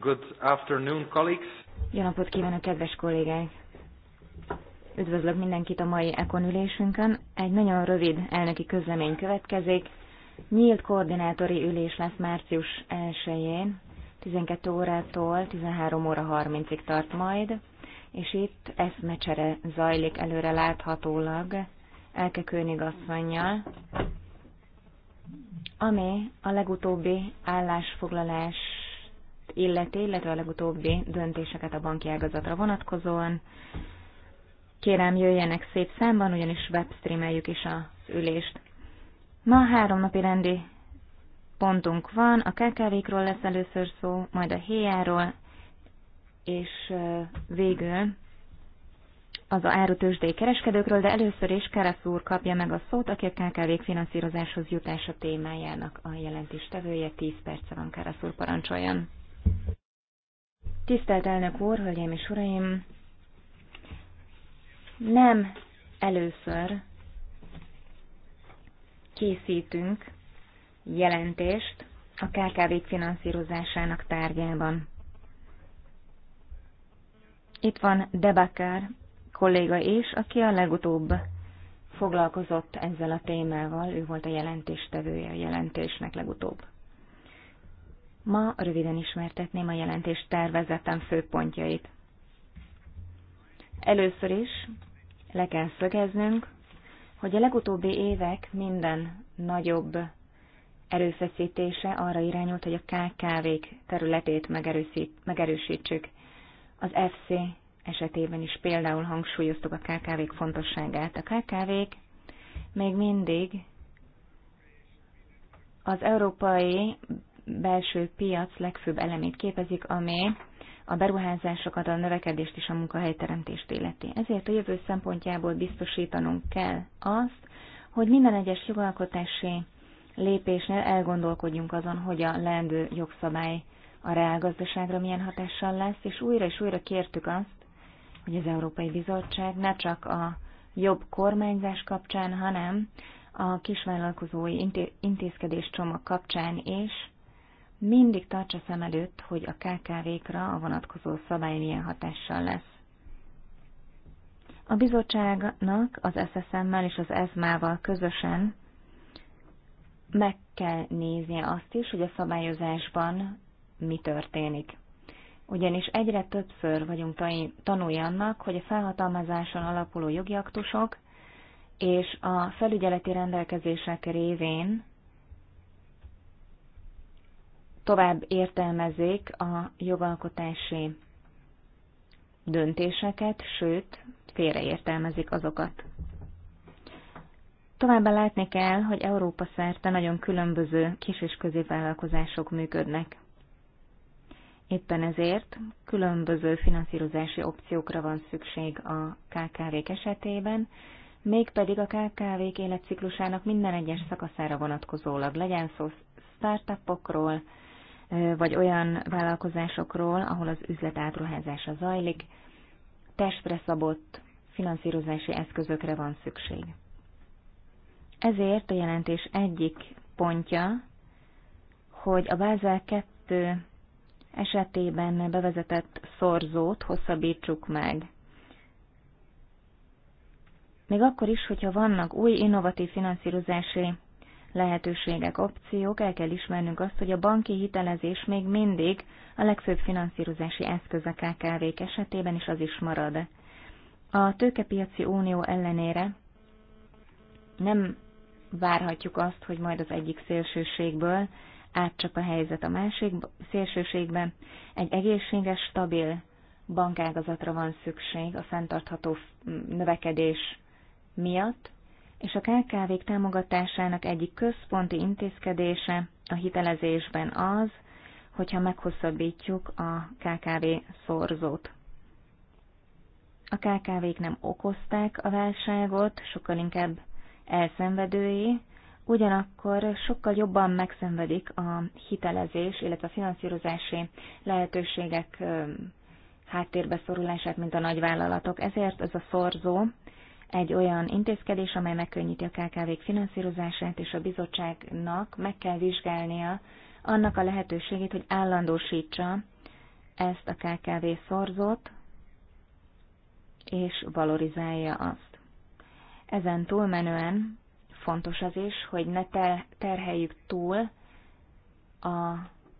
Good afternoon, colleagues. Jó napot kívánok, kedves kollégák! Üdvözlök mindenkit a mai ekonülésünkön. Egy nagyon rövid elnöki közlemény következik. Nyílt koordinátori ülés lesz március 1-én, 12 órától 13 óra 30-ig tart majd, és itt eszmecsere zajlik előre láthatólag Elke Königasszonynal, ami a legutóbbi állásfoglalás illeti, illetve a legutóbbi döntéseket a banki ágazatra vonatkozóan. Kérem, jöjjenek szép számban, ugyanis webstreameljük is az ülést. Ma három napi rendi pontunk van, a KKV-król lesz először szó, majd a héjáról, és végül az a árutősdély kereskedőkről, de először is Keresz úr kapja meg a szót, aki a kkv finanszírozáshoz jutása témájának a jelentéstevője. 10 perce van, Keresz úr, parancsoljon. Tisztelt elnök úr, hölgyeim és uraim! Nem először készítünk jelentést a kkv finanszírozásának tárgyában. Itt van Debakár kolléga is, aki a legutóbb foglalkozott ezzel a témával, ő volt a jelentéstevője a jelentésnek legutóbb. Ma röviden ismertetném a jelentés tervezetem főpontjait. Először is le kell szögeznünk, hogy a legutóbbi évek minden nagyobb erőfeszítése arra irányult, hogy a KKV-k területét megerősítsük. Az FC esetében is például hangsúlyoztuk a KKV-k fontosságát. A KKV-k még mindig az európai belső piac legfőbb elemét képezik, ami a beruházásokat, a növekedést és a munkahelyteremtést illeti. Ezért a jövő szempontjából biztosítanunk kell azt, hogy minden egyes jogalkotási lépésnél elgondolkodjunk azon, hogy a leendő jogszabály a reálgazdaságra milyen hatással lesz, és újra és újra kértük azt, hogy az Európai Bizottság ne csak a jobb kormányzás kapcsán, hanem a kisvállalkozói csomag kapcsán is mindig tartsa szem előtt, hogy a KKV-kra a vonatkozó szabály milyen hatással lesz. A bizottságnak az SSM-mel és az ESMA-val közösen meg kell néznie azt is, hogy a szabályozásban mi történik. Ugyanis egyre többször vagyunk tanulni annak, hogy a felhatalmazáson alapuló jogi aktusok és a felügyeleti rendelkezések révén tovább értelmezik a jogalkotási döntéseket, sőt, félreértelmezik azokat. Továbbá látni kell, hogy Európa szerte nagyon különböző kis- és középvállalkozások működnek. Éppen ezért különböző finanszírozási opciókra van szükség a KKV-k esetében, mégpedig a KKV-k életciklusának minden egyes szakaszára vonatkozólag legyen szó startupokról, vagy olyan vállalkozásokról, ahol az üzlet átruházása zajlik, testre szabott finanszírozási eszközökre van szükség. Ezért a jelentés egyik pontja, hogy a Bázel 2 esetében bevezetett szorzót hosszabbítsuk meg. Még akkor is, hogyha vannak új innovatív finanszírozási lehetőségek, opciók, el kell ismernünk azt, hogy a banki hitelezés még mindig a legfőbb finanszírozási eszköz a kkv esetében, is az is marad. A tőkepiaci unió ellenére nem várhatjuk azt, hogy majd az egyik szélsőségből átcsap a helyzet a másik szélsőségbe. Egy egészséges, stabil bankágazatra van szükség a fenntartható növekedés miatt, és a KKV-k támogatásának egyik központi intézkedése a hitelezésben az, hogyha meghosszabbítjuk a KKV szorzót. A KKV-k nem okozták a válságot, sokkal inkább elszenvedői, ugyanakkor sokkal jobban megszenvedik a hitelezés, illetve a finanszírozási lehetőségek háttérbe szorulását, mint a nagyvállalatok. Ezért ez a szorzó egy olyan intézkedés, amely megkönnyíti a KKV-k finanszírozását, és a bizottságnak meg kell vizsgálnia annak a lehetőségét, hogy állandósítsa ezt a KKV szorzót, és valorizálja azt. Ezen túlmenően fontos az is, hogy ne terheljük túl a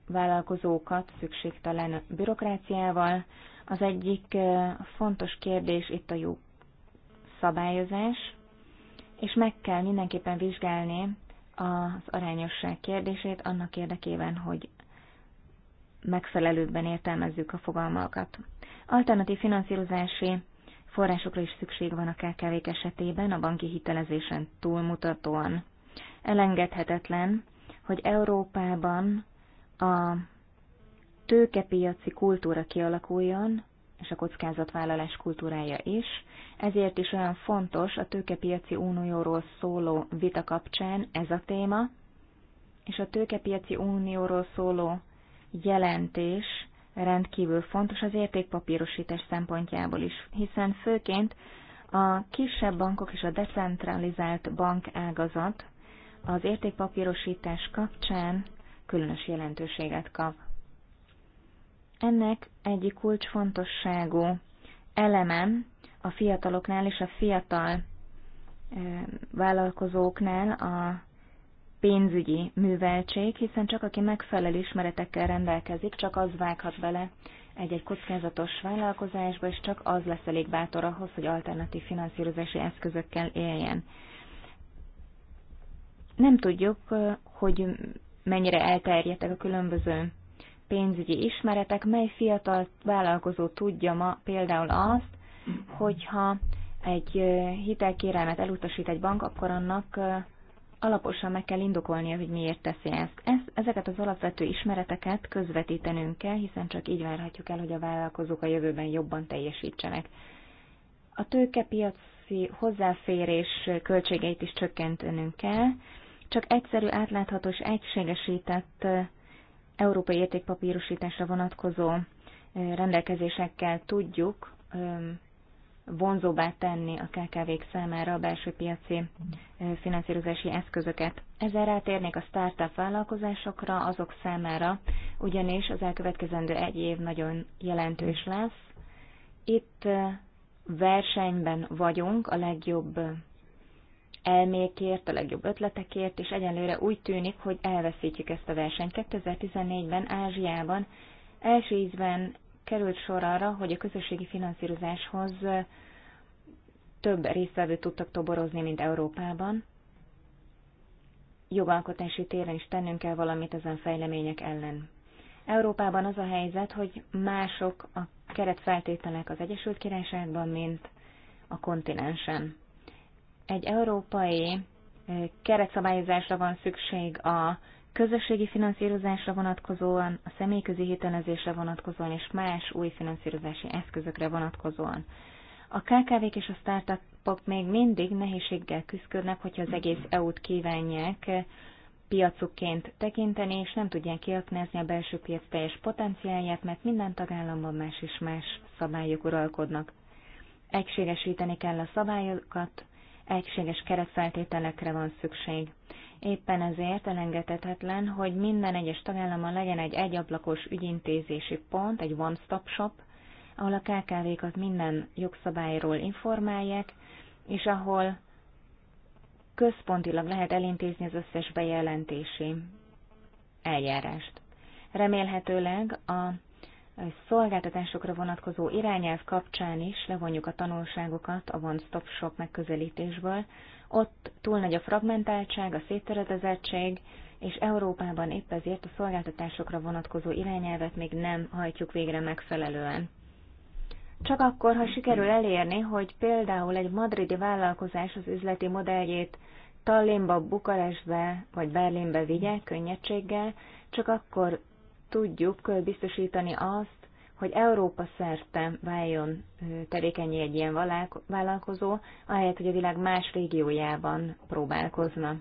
vállalkozókat szükségtelen bürokráciával. Az egyik fontos kérdés itt a jó szabályozás, és meg kell mindenképpen vizsgálni az arányosság kérdését annak érdekében, hogy megfelelőbben értelmezzük a fogalmakat. Alternatív finanszírozási forrásokra is szükség van a kkv esetében, a banki hitelezésen túlmutatóan. Elengedhetetlen, hogy Európában a tőkepiaci kultúra kialakuljon, és a kockázatvállalás kultúrája is, ezért is olyan fontos a tőkepiaci unióról szóló vita kapcsán ez a téma, és a tőkepiaci unióról szóló jelentés rendkívül fontos az értékpapírosítás szempontjából is, hiszen főként a kisebb bankok és a decentralizált bank ágazat az értékpapírosítás kapcsán különös jelentőséget kap. Ennek egyik kulcsfontosságú eleme a fiataloknál és a fiatal vállalkozóknál a pénzügyi műveltség, hiszen csak aki megfelelő ismeretekkel rendelkezik, csak az vághat bele egy-egy kockázatos vállalkozásba, és csak az lesz elég bátor ahhoz, hogy alternatív finanszírozási eszközökkel éljen. Nem tudjuk, hogy mennyire elterjedtek a különböző pénzügyi ismeretek, mely fiatal vállalkozó tudja ma például azt, hogyha egy hitelkérelmet elutasít egy bank, akkor annak alaposan meg kell indokolnia, hogy miért teszi ezt. ezt. Ezeket az alapvető ismereteket közvetítenünk kell, hiszen csak így várhatjuk el, hogy a vállalkozók a jövőben jobban teljesítsenek. A tőkepiaci hozzáférés költségeit is csökkentenünk kell, csak egyszerű, átlátható és egységesített európai értékpapírosításra vonatkozó rendelkezésekkel tudjuk vonzóbbá tenni a KKV-k számára a belső piaci finanszírozási eszközöket. Ezzel rátérnék a startup vállalkozásokra, azok számára, ugyanis az elkövetkezendő egy év nagyon jelentős lesz. Itt versenyben vagyunk a legjobb elmékért, a legjobb ötletekért, és egyenlőre úgy tűnik, hogy elveszítjük ezt a versenyt. 2014-ben Ázsiában első ízben került sor arra, hogy a közösségi finanszírozáshoz több résztvevőt tudtak toborozni, mint Európában. Jogalkotási téren is tennünk kell valamit ezen fejlemények ellen. Európában az a helyzet, hogy mások a keretfeltételek az Egyesült Királyságban, mint a kontinensen. Egy európai keretszabályozásra van szükség a közösségi finanszírozásra vonatkozóan, a személyközi hitelezésre vonatkozóan és más új finanszírozási eszközökre vonatkozóan. A KKV-k és a startupok még mindig nehézséggel küzdködnek, hogyha az egész EU-t kívánják piacukként tekinteni, és nem tudják kiaknázni a belső piac teljes potenciáját, mert minden tagállamban más és más szabályok uralkodnak. Egységesíteni kell a szabályokat, egységes keretfeltételekre van szükség. Éppen ezért elengedhetetlen, hogy minden egyes tagállamon legyen egy egyablakos ügyintézési pont, egy one-stop shop, ahol a KKV-kat minden jogszabályról informálják, és ahol központilag lehet elintézni az összes bejelentési eljárást. Remélhetőleg a szolgáltatásokra vonatkozó irányelv kapcsán is levonjuk a tanulságokat a one-stop shop megközelítésből. Ott túl nagy a fragmentáltság, a széttöredezettség, és Európában épp ezért a szolgáltatásokra vonatkozó irányelvet még nem hajtjuk végre megfelelően. Csak akkor, ha sikerül elérni, hogy például egy madridi vállalkozás az üzleti modelljét Tallinnba, Bukarestbe vagy Berlinbe vigye könnyedséggel, csak akkor tudjuk biztosítani azt, hogy Európa szerte váljon tevékenyé egy ilyen vállalkozó, ahelyett, hogy a világ más régiójában próbálkozna.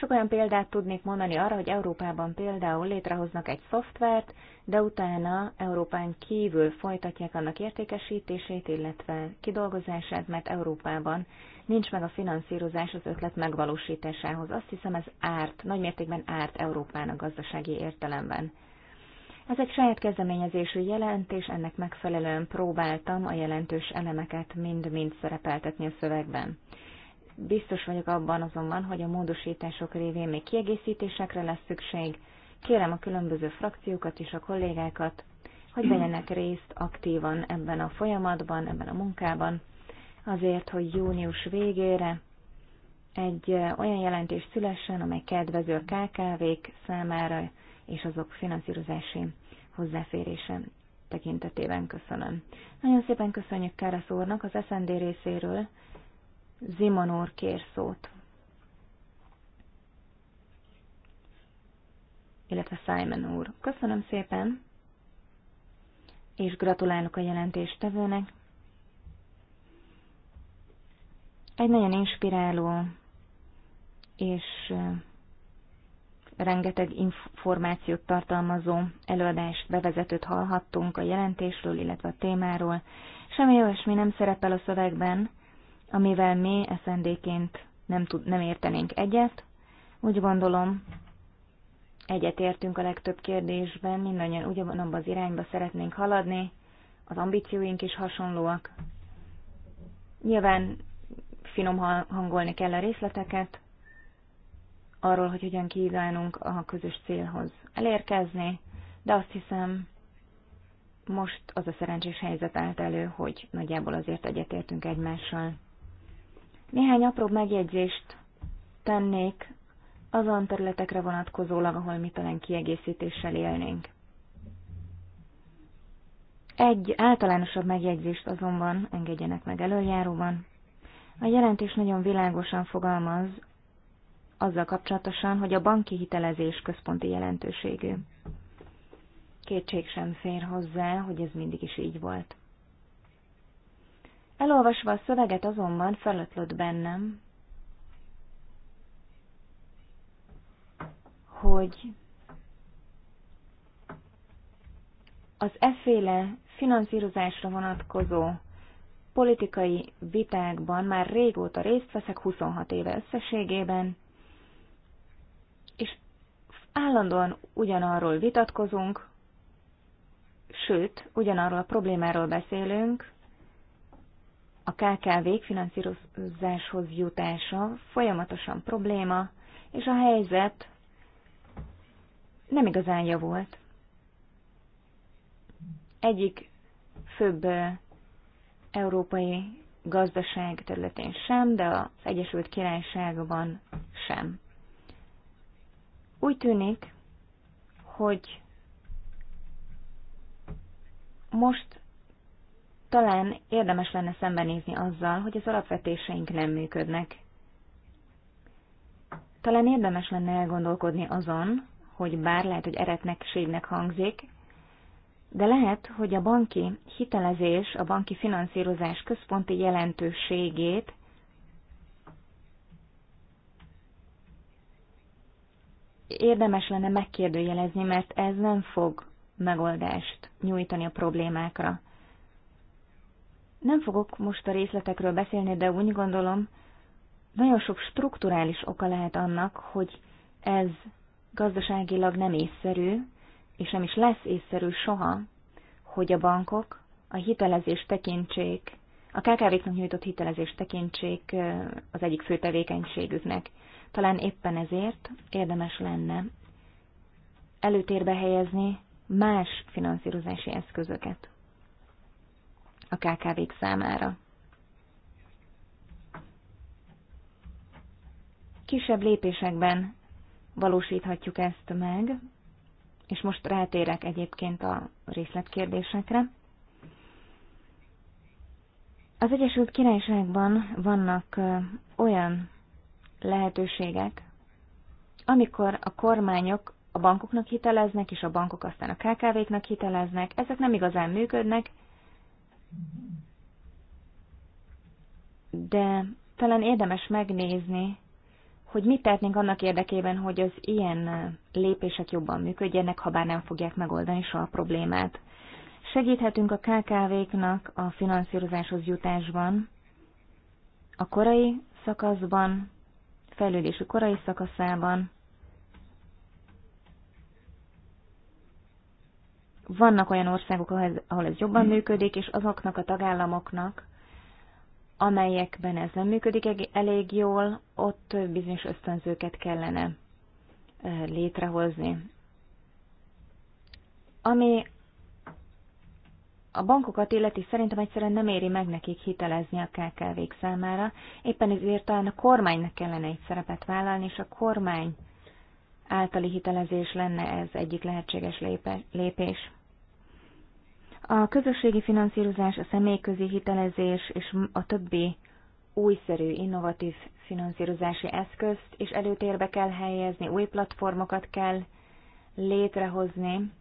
Sok olyan példát tudnék mondani arra, hogy Európában például létrehoznak egy szoftvert, de utána Európán kívül folytatják annak értékesítését, illetve kidolgozását, mert Európában nincs meg a finanszírozás az ötlet megvalósításához. Azt hiszem ez árt, nagymértékben árt Európának gazdasági értelemben. Ez egy saját kezdeményezésű jelentés, ennek megfelelően próbáltam a jelentős elemeket mind-mind szerepeltetni a szövegben. Biztos vagyok abban azonban, hogy a módosítások révén még kiegészítésekre lesz szükség. Kérem a különböző frakciókat és a kollégákat, hogy vegyenek részt aktívan ebben a folyamatban, ebben a munkában, azért, hogy június végére egy olyan jelentés szülessen, amely kedvező a KKV-k számára, és azok finanszírozási hozzáférése tekintetében köszönöm. Nagyon szépen köszönjük Kárasz úrnak az SND részéről. Zimon úr kér szót. Illetve Simon úr. Köszönöm szépen, és gratulálok a jelentéstevőnek. Egy nagyon inspiráló és rengeteg információt tartalmazó előadást, bevezetőt hallhattunk a jelentésről, illetve a témáról. Semmi olyasmi nem szerepel a szövegben, amivel mi eszendéként nem, tud, nem értenénk egyet. Úgy gondolom, értünk a legtöbb kérdésben, mindannyian ugyanabban az irányba szeretnénk haladni, az ambícióink is hasonlóak. Nyilván finom hangolni kell a részleteket, arról, hogy hogyan kívánunk a közös célhoz elérkezni, de azt hiszem, most az a szerencsés helyzet állt elő, hogy nagyjából azért egyetértünk egymással. Néhány apróbb megjegyzést tennék azon területekre vonatkozólag, ahol mi talán kiegészítéssel élnénk. Egy általánosabb megjegyzést azonban engedjenek meg előjáróban. A jelentés nagyon világosan fogalmaz azzal kapcsolatosan, hogy a banki hitelezés központi jelentőségű. Kétség sem fér hozzá, hogy ez mindig is így volt. Elolvasva a szöveget azonban felötlött bennem, hogy az efféle finanszírozásra vonatkozó politikai vitákban már régóta részt veszek, 26 éve összességében, Állandóan ugyanarról vitatkozunk, sőt, ugyanarról a problémáról beszélünk, a kkv finanszírozáshoz jutása folyamatosan probléma, és a helyzet nem igazán javult. Egyik főbb európai gazdaság területén sem, de az Egyesült Királyságban sem. Úgy tűnik, hogy most talán érdemes lenne szembenézni azzal, hogy az alapvetéseink nem működnek. Talán érdemes lenne elgondolkodni azon, hogy bár lehet, hogy eretnekségnek hangzik, de lehet, hogy a banki hitelezés, a banki finanszírozás központi jelentőségét érdemes lenne megkérdőjelezni, mert ez nem fog megoldást nyújtani a problémákra. Nem fogok most a részletekről beszélni, de úgy gondolom, nagyon sok strukturális oka lehet annak, hogy ez gazdaságilag nem észszerű, és nem is lesz észszerű soha, hogy a bankok a hitelezés tekintsék, a KKV-knak nyújtott hitelezés tekintsék az egyik fő tevékenységüknek. Talán éppen ezért érdemes lenne előtérbe helyezni más finanszírozási eszközöket a KKV-k számára. Kisebb lépésekben valósíthatjuk ezt meg, és most rátérek egyébként a részletkérdésekre. Az Egyesült Királyságban vannak olyan lehetőségek, amikor a kormányok a bankoknak hiteleznek, és a bankok aztán a KKV-knak hiteleznek, ezek nem igazán működnek, de talán érdemes megnézni, hogy mit tehetnénk annak érdekében, hogy az ilyen lépések jobban működjenek, ha bár nem fogják megoldani soha a problémát. Segíthetünk a KKV-knak a finanszírozáshoz jutásban, a korai szakaszban, fejlődési korai szakaszában. Vannak olyan országok, ahol ez jobban működik, és azoknak a tagállamoknak, amelyekben ez nem működik elég jól, ott bizonyos ösztönzőket kellene eh, létrehozni. Ami a bankokat illeti szerintem egyszerűen nem éri meg nekik hitelezni a kkv számára. Éppen ezért talán a kormánynak kellene egy szerepet vállalni, és a kormány általi hitelezés lenne ez egyik lehetséges lépés. A közösségi finanszírozás, a személyközi hitelezés és a többi újszerű, innovatív finanszírozási eszközt, és előtérbe kell helyezni, új platformokat kell létrehozni,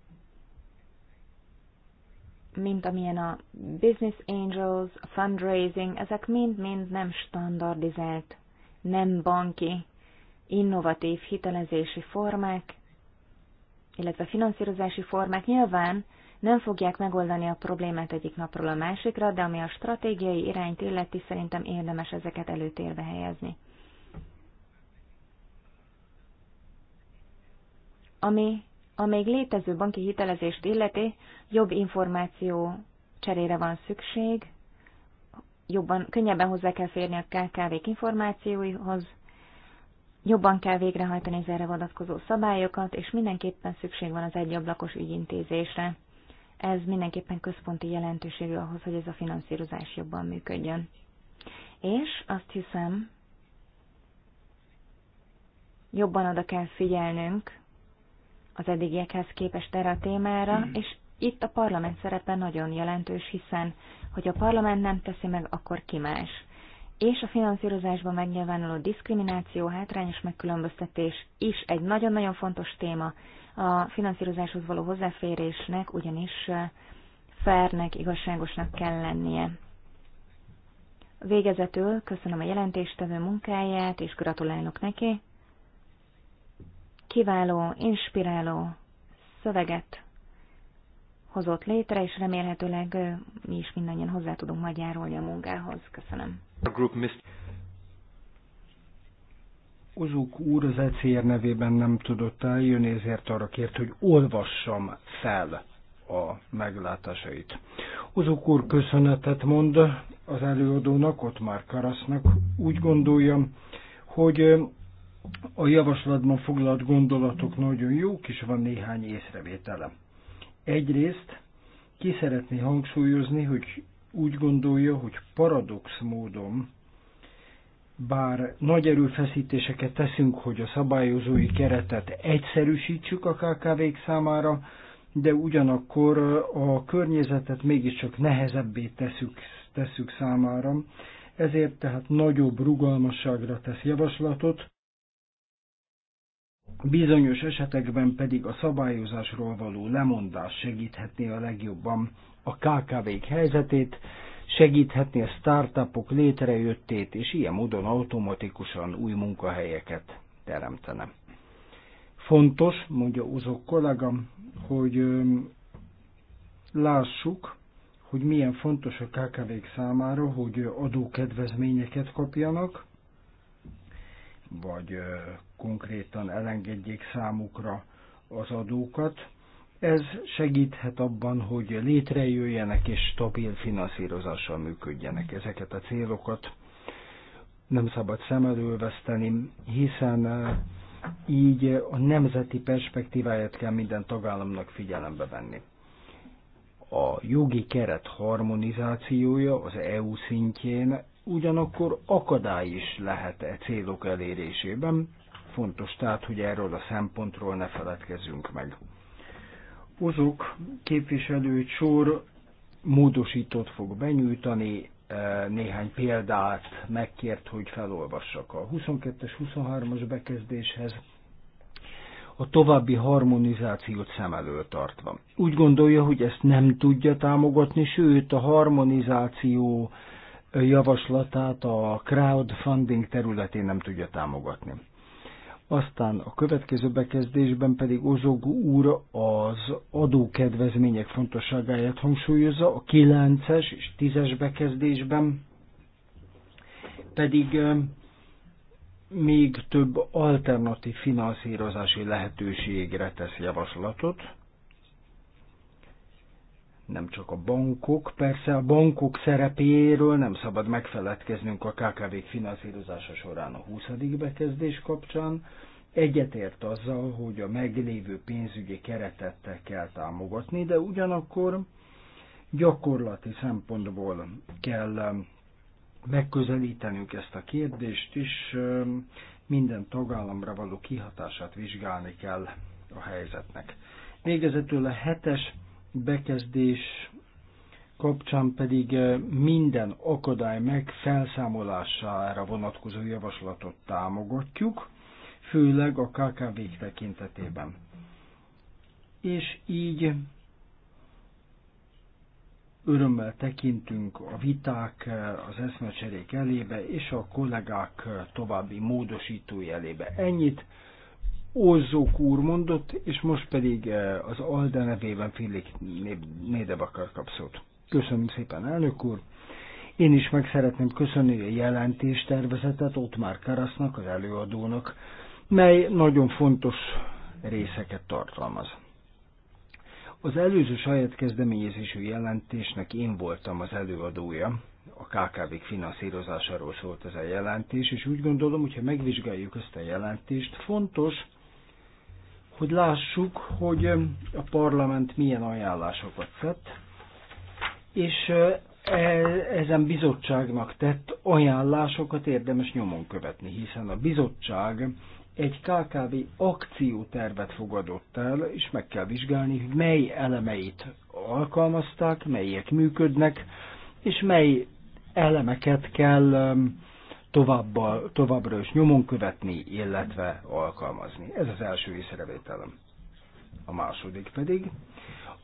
mint amilyen a Business Angels, a fundraising, ezek mind-mind nem standardizált, nem banki, innovatív hitelezési formák, illetve finanszírozási formák nyilván nem fogják megoldani a problémát egyik napról a másikra, de ami a stratégiai irányt illeti, szerintem érdemes ezeket előtérbe helyezni. Ami a még létező banki hitelezést illeti jobb információ cserére van szükség, jobban, könnyebben hozzá kell férni a kkv információihoz, jobban kell végrehajtani az erre vonatkozó szabályokat, és mindenképpen szükség van az egyablakos ügyintézésre. Ez mindenképpen központi jelentőségű ahhoz, hogy ez a finanszírozás jobban működjön. És azt hiszem, jobban oda kell figyelnünk az eddigiekhez képest erre a témára, hmm. és itt a parlament szerepe nagyon jelentős, hiszen hogy a parlament nem teszi meg, akkor ki más. És a finanszírozásban megnyilvánuló diszkrimináció, hátrányos megkülönböztetés is egy nagyon-nagyon fontos téma a finanszírozáshoz való hozzáférésnek, ugyanis fernek, igazságosnak kell lennie. Végezetül köszönöm a jelentéstevő munkáját, és gratulálok neki kiváló, inspiráló szöveget hozott létre, és remélhetőleg mi is mindannyian hozzá tudunk majd járulni a munkához. Köszönöm. Ozuk úr az ECR nevében nem tudott eljönni, ezért arra kért, hogy olvassam fel a meglátásait. Ozuk úr köszönetet mond az előadónak, ott már Karasznak. Úgy gondolja, hogy a javaslatban foglalt gondolatok nagyon jók, és van néhány észrevételem. Egyrészt ki szeretné hangsúlyozni, hogy úgy gondolja, hogy paradox módon, bár nagy erőfeszítéseket teszünk, hogy a szabályozói keretet egyszerűsítsük a KKV-k számára, de ugyanakkor a környezetet mégiscsak nehezebbé teszük, teszük számára, ezért tehát nagyobb rugalmasságra tesz javaslatot, bizonyos esetekben pedig a szabályozásról való lemondás segíthetné a legjobban a KKV-k helyzetét, segíthetné a startupok létrejöttét, és ilyen módon automatikusan új munkahelyeket teremtene. Fontos, mondja Uzok kollega, hogy lássuk, hogy milyen fontos a KKV-k számára, hogy adókedvezményeket kapjanak, vagy konkrétan elengedjék számukra az adókat. Ez segíthet abban, hogy létrejöjjenek és stabil finanszírozással működjenek ezeket a célokat. Nem szabad szem elől veszteni, hiszen így a nemzeti perspektíváját kell minden tagállamnak figyelembe venni. A jogi keret harmonizációja az EU szintjén ugyanakkor akadály is lehet e célok elérésében. Fontos tehát, hogy erről a szempontról ne feledkezzünk meg. Ozok képviselő sor módosítót fog benyújtani, e, néhány példát megkért, hogy felolvassak a 22-es, 23-as bekezdéshez a további harmonizációt szem elől tartva. Úgy gondolja, hogy ezt nem tudja támogatni, sőt a harmonizáció javaslatát a crowdfunding területén nem tudja támogatni. Aztán a következő bekezdésben pedig Ozog úr az adókedvezmények fontosságáját hangsúlyozza, a 9-es és 10-es bekezdésben pedig még több alternatív finanszírozási lehetőségre tesz javaslatot nem csak a bankok, persze a bankok szerepéről nem szabad megfeledkeznünk a kkv finanszírozása során a 20. bekezdés kapcsán. Egyetért azzal, hogy a meglévő pénzügyi keretet kell támogatni, de ugyanakkor gyakorlati szempontból kell um, megközelítenünk ezt a kérdést, és um, minden tagállamra való kihatását vizsgálni kell a helyzetnek. Végezetül a hetes bekezdés kapcsán pedig eh, minden akadály meg felszámolására vonatkozó javaslatot támogatjuk, főleg a kkv tekintetében. És így örömmel tekintünk a viták, eh, az eszmecserék elébe és a kollégák eh, további módosítói elébe. Ennyit Olzók úr mondott, és most pedig eh, az Alda nevében Félik Nédebakar kap szót. Köszönöm szépen, elnök úr! Én is meg szeretném köszönni a jelentéstervezetet már Karasznak, az előadónak, mely nagyon fontos részeket tartalmaz. Az előző saját kezdeményezésű jelentésnek én voltam az előadója, a kkv finanszírozásáról szólt ez a jelentés, és úgy gondolom, hogyha megvizsgáljuk ezt a jelentést, fontos, hogy lássuk, hogy a parlament milyen ajánlásokat tett, és e, ezen bizottságnak tett ajánlásokat érdemes nyomon követni, hiszen a bizottság egy KKV akciótervet fogadott el, és meg kell vizsgálni, hogy mely elemeit alkalmazták, melyek működnek, és mely elemeket kell um, továbbá, továbbra is nyomon követni, illetve alkalmazni. Ez az első észrevételem. A második pedig,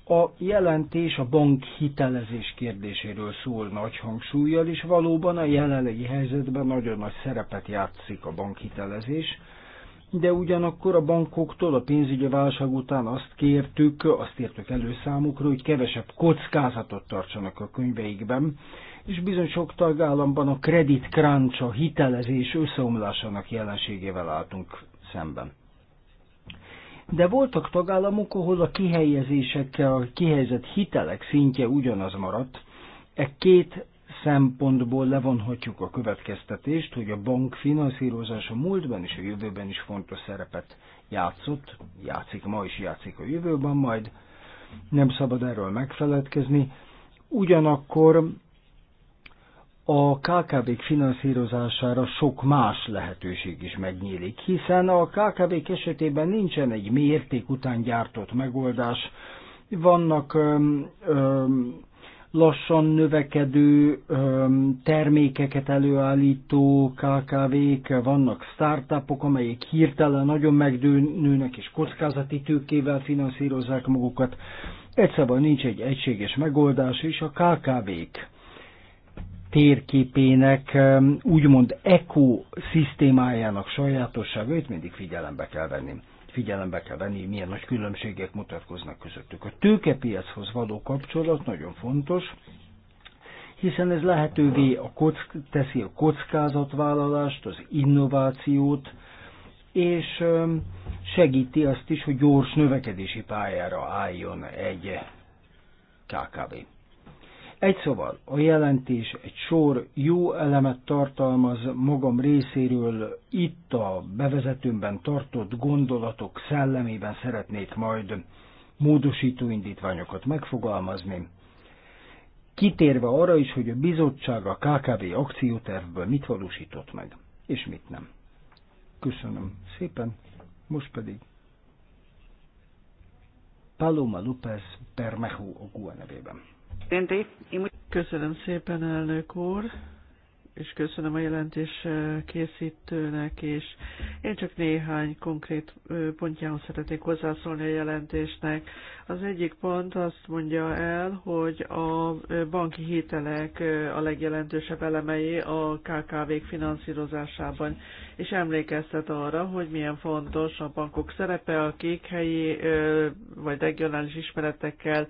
a jelentés a bank hitelezés kérdéséről szól nagy hangsúlyjal, és valóban a jelenlegi helyzetben nagyon nagy szerepet játszik a bankhitelezés, de ugyanakkor a bankoktól a pénzügyi válság után azt kértük, azt értük előszámukra, hogy kevesebb kockázatot tartsanak a könyveikben, és bizony sok tagállamban a kredit a hitelezés összeomlásának jelenségével álltunk szemben. De voltak tagállamok, ahol a kihelyezésekkel, a kihelyezett hitelek szintje ugyanaz maradt, e két szempontból levonhatjuk a következtetést, hogy a bank finanszírozása múltban és a jövőben is fontos szerepet játszott, játszik ma is, játszik a jövőben majd, nem szabad erről megfeledkezni. Ugyanakkor a KKV-k finanszírozására sok más lehetőség is megnyílik, hiszen a KKV-k esetében nincsen egy mérték után gyártott megoldás, vannak öm, öm, lassan növekedő termékeket előállító KKV-k, vannak startupok, amelyek hirtelen nagyon megdőnőnek és kockázati tőkével finanszírozzák magukat. Egyszerűen szóval nincs egy egységes megoldás, és a KKV-k térképének úgymond ekoszisztémájának sajátosságait mindig figyelembe kell venni figyelembe kell venni, milyen nagy különbségek mutatkoznak közöttük. A tőkepiachoz való kapcsolat nagyon fontos, hiszen ez lehetővé a kock, teszi a kockázatvállalást, az innovációt, és segíti azt is, hogy gyors növekedési pályára álljon egy KKV. Egy szóval, a jelentés egy sor jó elemet tartalmaz magam részéről, itt a bevezetőmben tartott gondolatok szellemében szeretnék majd módosító indítványokat megfogalmazni. Kitérve arra is, hogy a bizottság a KKV akciótervből mit valósított meg, és mit nem. Köszönöm szépen, most pedig Paloma López Permehu a e nevében. Köszönöm szépen, elnök úr, és köszönöm a jelentés eh, készítőnek és Én csak néhány konkrét pontjához szeretnék hozzászólni a jelentésnek. Az egyik pont azt mondja el, hogy a banki hitelek a legjelentősebb elemei a KKV-k finanszírozásában, és emlékeztet arra, hogy milyen fontos a bankok szerepe, akik helyi vagy regionális ismeretekkel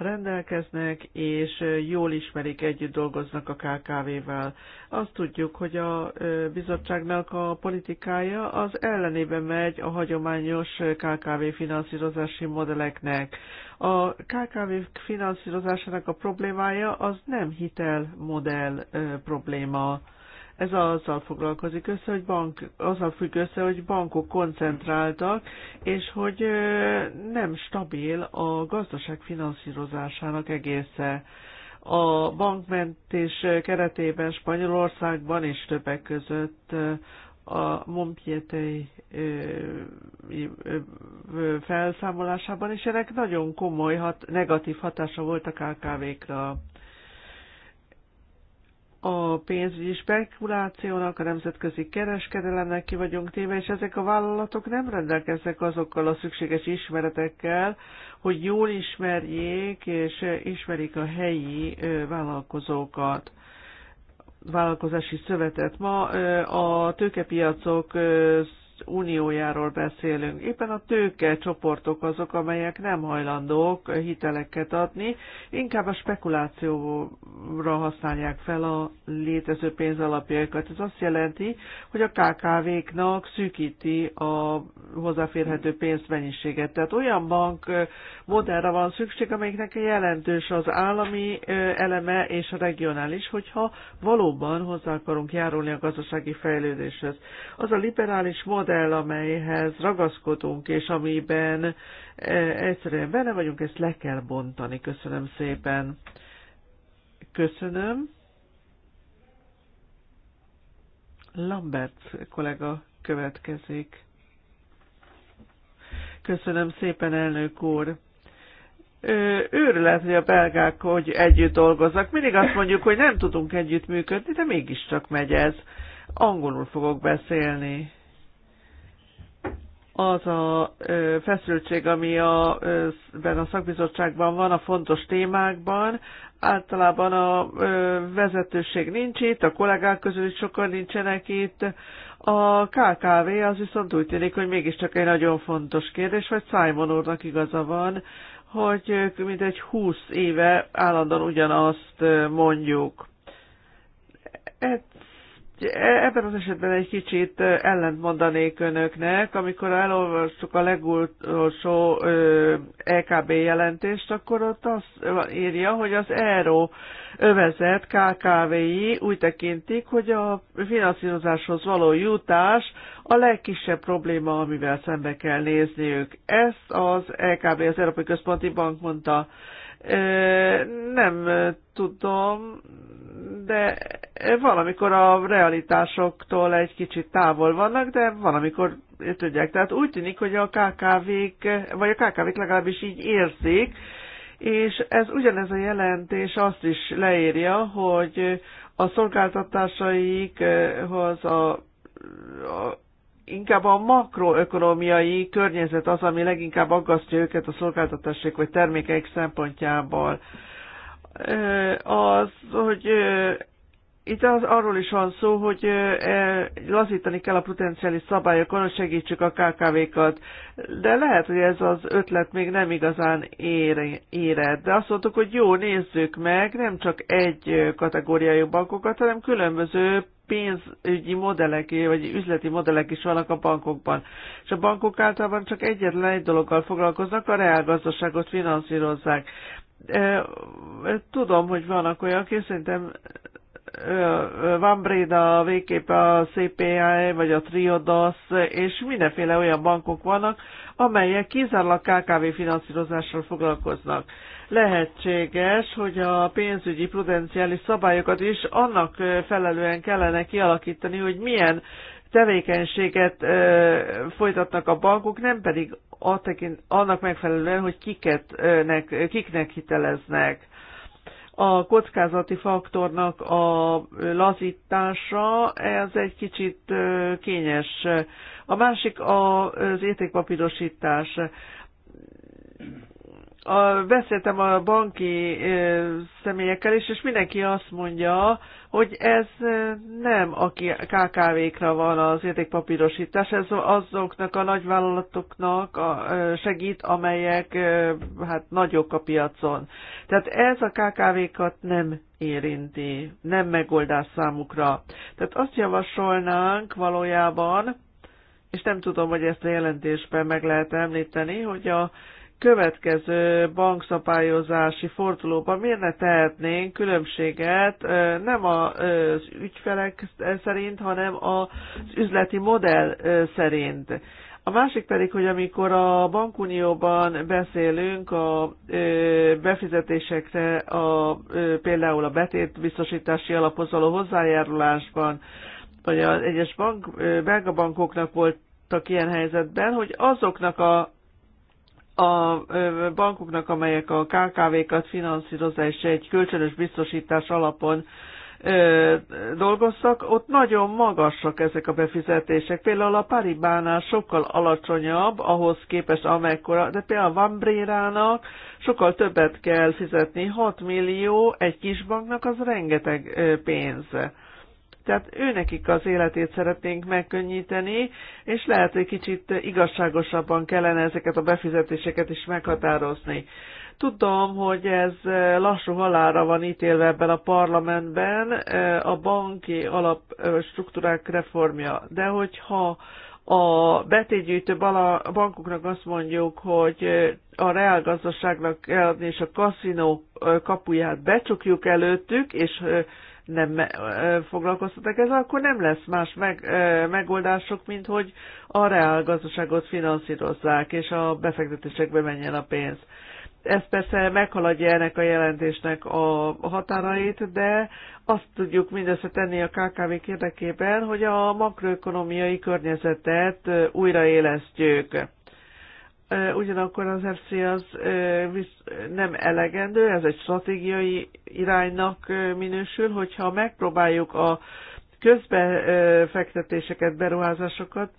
rendelkeznek, és jól ismerik, együtt dolgoznak a KKV-vel. Azt tudjuk, hogy a bizottságnak a politikája az ellenében megy a hagyományos KKV finanszírozási modelleknek. A KKV finanszírozásának a problémája az nem hitelmodell probléma ez azzal foglalkozik össze, hogy bank, azzal függ össze, hogy bankok koncentráltak, és hogy nem stabil a gazdaság finanszírozásának egésze. A bankmentés keretében Spanyolországban és többek között a Montpietei felszámolásában, és ennek nagyon komoly hat, negatív hatása volt a KKV-kra a pénzügyi spekulációnak, a nemzetközi kereskedelemnek ki vagyunk téve, és ezek a vállalatok nem rendelkeznek azokkal a szükséges ismeretekkel, hogy jól ismerjék és ismerik a helyi vállalkozókat vállalkozási szövetet. Ma a tőkepiacok uniójáról beszélünk. Éppen a tőke csoportok azok, amelyek nem hajlandók hiteleket adni, inkább a spekulációra használják fel a létező pénzalapjaikat. Ez azt jelenti, hogy a KKV-knak szűkíti a hozzáférhető pénzmennyiséget. Tehát olyan bank modellre van szükség, amelyiknek jelentős az állami eleme és a regionális, hogyha valóban hozzá akarunk járulni a gazdasági fejlődéshez. Az a liberális modell, modell, amelyhez ragaszkodunk, és amiben e, egyszerűen benne vagyunk, ezt le kell bontani. Köszönöm szépen. Köszönöm. Lambert kollega következik. Köszönöm szépen, elnök úr. Őrület, hogy a belgák hogy együtt dolgoznak. Mindig azt mondjuk, hogy nem tudunk együtt működni, de mégiscsak megy ez. Angolul fogok beszélni az a feszültség, ami a, ben a szakbizottságban van, a fontos témákban, általában a vezetőség nincs itt, a kollégák közül is sokan nincsenek itt. A KKV az viszont úgy tűnik, hogy mégiscsak egy nagyon fontos kérdés, vagy Simon úrnak igaza van, hogy mintegy 20 éve állandóan ugyanazt mondjuk. Ez E, ebben az esetben egy kicsit ellent mondanék önöknek, amikor elolvastuk a legutolsó EKB jelentést, akkor ott azt írja, hogy az ERO övezet KKV-i úgy tekintik, hogy a finanszírozáshoz való jutás a legkisebb probléma, amivel szembe kell nézniük. Ezt az EKB, az Európai Központi Bank mondta. Nem tudom, de valamikor a realitásoktól egy kicsit távol vannak, de valamikor tudják. Tehát úgy tűnik, hogy a KKV-k, vagy a KKV-k legalábbis így érzik, és ez ugyanez a jelentés azt is leírja, hogy a szolgáltatásaikhoz a, a inkább a makroökonomiai környezet az, ami leginkább aggasztja őket a szolgáltatások vagy termékeik szempontjából. Az, hogy itt az, arról is van szó, hogy e, lazítani kell a potenciális szabályokon, hogy segítsük a KKV-kat, de lehet, hogy ez az ötlet még nem igazán ér, éred. De azt mondtuk, hogy jó, nézzük meg nem csak egy kategóriájú bankokat, hanem különböző pénzügyi modellek, vagy üzleti modellek is vannak a bankokban. És a bankok általában csak egyetlen egy dologgal foglalkoznak, a reálgazdaságot finanszírozzák. Tudom, hogy vannak olyan, és szerintem van Breda végképp a CPI, vagy a Triodos, és mindenféle olyan bankok vannak, amelyek kizárólag KKV finanszírozással foglalkoznak lehetséges, hogy a pénzügyi prudenciális szabályokat is annak felelően kellene kialakítani, hogy milyen tevékenységet ö, folytatnak a bankok, nem pedig a tekint, annak megfelelően, hogy kiket, ö, nek, kiknek hiteleznek. A kockázati faktornak a lazítása, ez egy kicsit ö, kényes. A másik az értékpapírosítás a, beszéltem a banki e, személyekkel is, és mindenki azt mondja, hogy ez nem a KKV-kra van az értékpapírosítás, ez azoknak a nagyvállalatoknak a, segít, amelyek ö, hát nagyok a piacon. Tehát ez a KKV-kat nem érinti, nem megoldás számukra. Tehát azt javasolnánk valójában, és nem tudom, hogy ezt a jelentésben meg lehet említeni, hogy a következő bankszabályozási fordulóban miért ne tehetnénk különbséget nem az ügyfelek szerint, hanem az üzleti modell szerint. A másik pedig, hogy amikor a bankunióban beszélünk a befizetésekre, a, például a betétbiztosítási alaphoz való hozzájárulásban, vagy az egyes bank, belga bankoknak voltak ilyen helyzetben, hogy azoknak a a bankoknak, amelyek a KKV-kat finanszírozzák, és egy kölcsönös biztosítás alapon dolgoztak, ott nagyon magasak ezek a befizetések. Például a Paribánál sokkal alacsonyabb, ahhoz képest amekkora, de például a Vambrérának sokkal többet kell fizetni. 6 millió egy kisbanknak az rengeteg pénz. Tehát őnekik az életét szeretnénk megkönnyíteni, és lehet, hogy kicsit igazságosabban kellene ezeket a befizetéseket is meghatározni. Tudom, hogy ez lassú halára van ítélve ebben a parlamentben, eh, a banki alapstruktúrák eh, reformja. De hogyha a betétgyűjtő bankoknak azt mondjuk, hogy eh, a reálgazdaságnak kell adni, és a kaszinó kapuját becsukjuk előttük, és nem foglalkoztatok ezzel, akkor nem lesz más meg, megoldások, mint hogy a reálgazdaságot finanszírozzák, és a befektetésekbe menjen a pénz. Ez persze meghaladja ennek a jelentésnek a határait, de azt tudjuk mindössze tenni a KKV-k érdekében, hogy a makroökonomiai környezetet újraélesztjük ugyanakkor az FC az nem elegendő, ez egy stratégiai iránynak minősül, hogyha megpróbáljuk a közbefektetéseket, beruházásokat,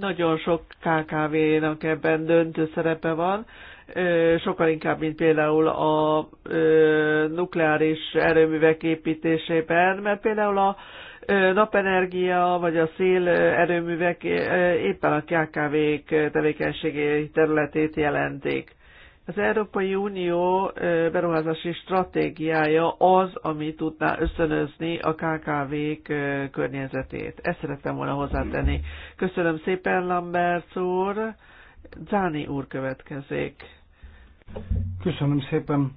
nagyon sok KKV-nak ebben döntő szerepe van, sokkal inkább, mint például a nukleáris erőművek építésében, mert például a napenergia vagy a szél erőművek éppen a KKV-k tevékenységi területét jelentik. Az Európai Unió beruházási stratégiája az, ami tudná összönözni a KKV-k környezetét. Ezt szerettem volna hozzátenni. Köszönöm szépen, Lambert úr. Záni úr következik. Köszönöm szépen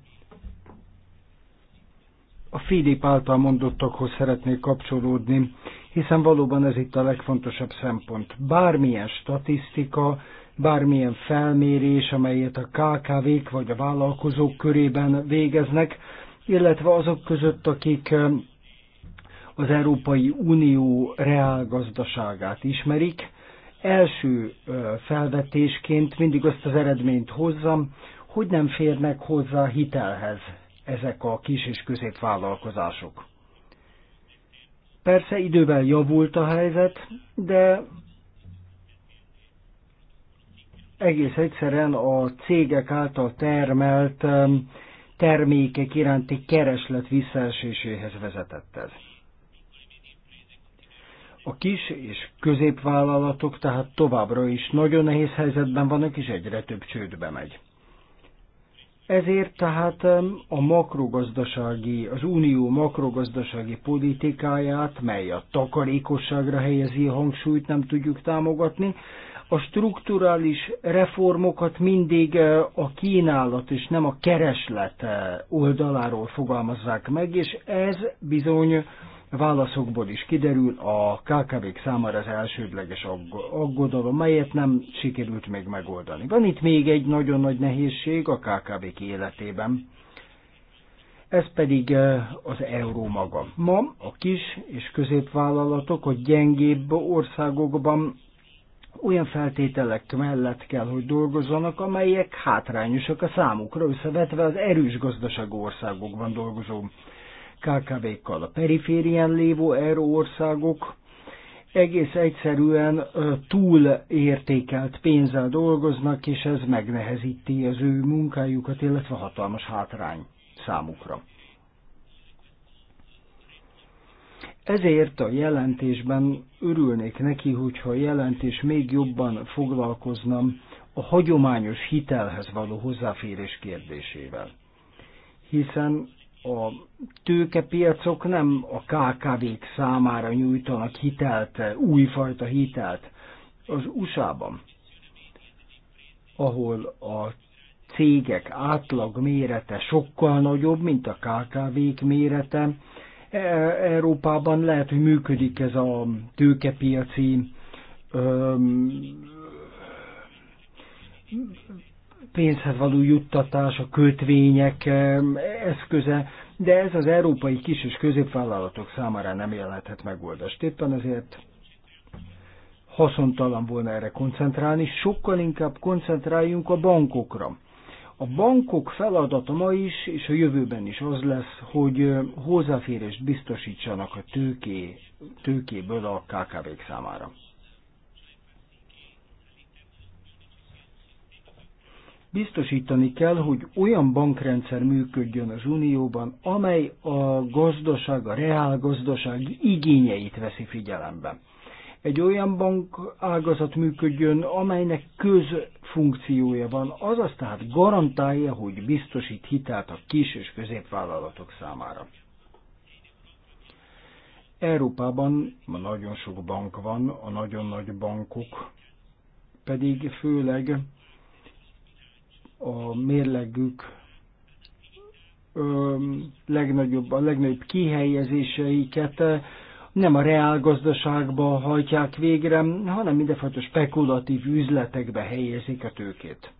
a Filip által mondottakhoz szeretnék kapcsolódni, hiszen valóban ez itt a legfontosabb szempont. Bármilyen statisztika, bármilyen felmérés, amelyet a KKV-k vagy a vállalkozók körében végeznek, illetve azok között, akik eh, az Európai Unió reálgazdaságát ismerik, első eh, felvetésként mindig azt az eredményt hozzam, hogy nem férnek hozzá hitelhez, ezek a kis és középvállalkozások. Persze idővel javult a helyzet, de egész egyszerűen a cégek által termelt termékek iránti kereslet visszaeséséhez vezetett ez. A kis és középvállalatok tehát továbbra is nagyon nehéz helyzetben vannak, és egyre több csődbe megy. Ezért tehát a makrogazdasági, az unió makrogazdasági politikáját, mely a takarékosságra helyezi a hangsúlyt, nem tudjuk támogatni. A strukturális reformokat mindig eh, a kínálat és nem a kereslet eh, oldaláról fogalmazzák meg, és ez bizony válaszokból is kiderül, a kkv számára az elsődleges aggodalom, melyet nem sikerült még megoldani. Van itt még egy nagyon nagy nehézség a kkv életében, ez pedig az euró maga. Ma a kis és középvállalatok a gyengébb országokban olyan feltételek mellett kell, hogy dolgozzanak, amelyek hátrányosak a számukra, összevetve az erős gazdaságú országokban dolgozó KKV-kkal. A periférián lévő euró országok egész egyszerűen túl értékelt pénzzel dolgoznak, és ez megnehezíti az ő munkájukat, illetve hatalmas hátrány számukra. Ezért a jelentésben örülnék neki, hogyha a jelentés még jobban foglalkoznam a hagyományos hitelhez való hozzáférés kérdésével. Hiszen a tőkepiacok nem a KKV-k számára nyújtanak hitelt, újfajta hitelt. Az USA-ban, ahol a cégek átlag mérete sokkal nagyobb, mint a KKV-k mérete, e, Európában lehet, hogy működik ez a tőkepiaci pénzhez való juttatás, a kötvények eszköze, de ez az európai kis és középvállalatok számára nem jelenthet megoldást. Éppen ezért haszontalan volna erre koncentrálni, sokkal inkább koncentráljunk a bankokra. A bankok feladata ma is, és a jövőben is az lesz, hogy hozzáférést biztosítsanak a tőké, tőkéből a KKV-k számára. Biztosítani kell, hogy olyan bankrendszer működjön az Unióban, amely a gazdaság, a reál gazdaság igényeit veszi figyelembe. Egy olyan bank ágazat működjön, amelynek közfunkciója van, azaz tehát garantálja, hogy biztosít hitelt a kis és középvállalatok számára. Európában ma nagyon sok bank van, a nagyon nagy bankok pedig főleg a mérlegük legnagyobb, a legnagyobb kihelyezéseiket nem a reál gazdaságba hajtják végre, hanem mindenfajta spekulatív üzletekbe helyezik a tőkét.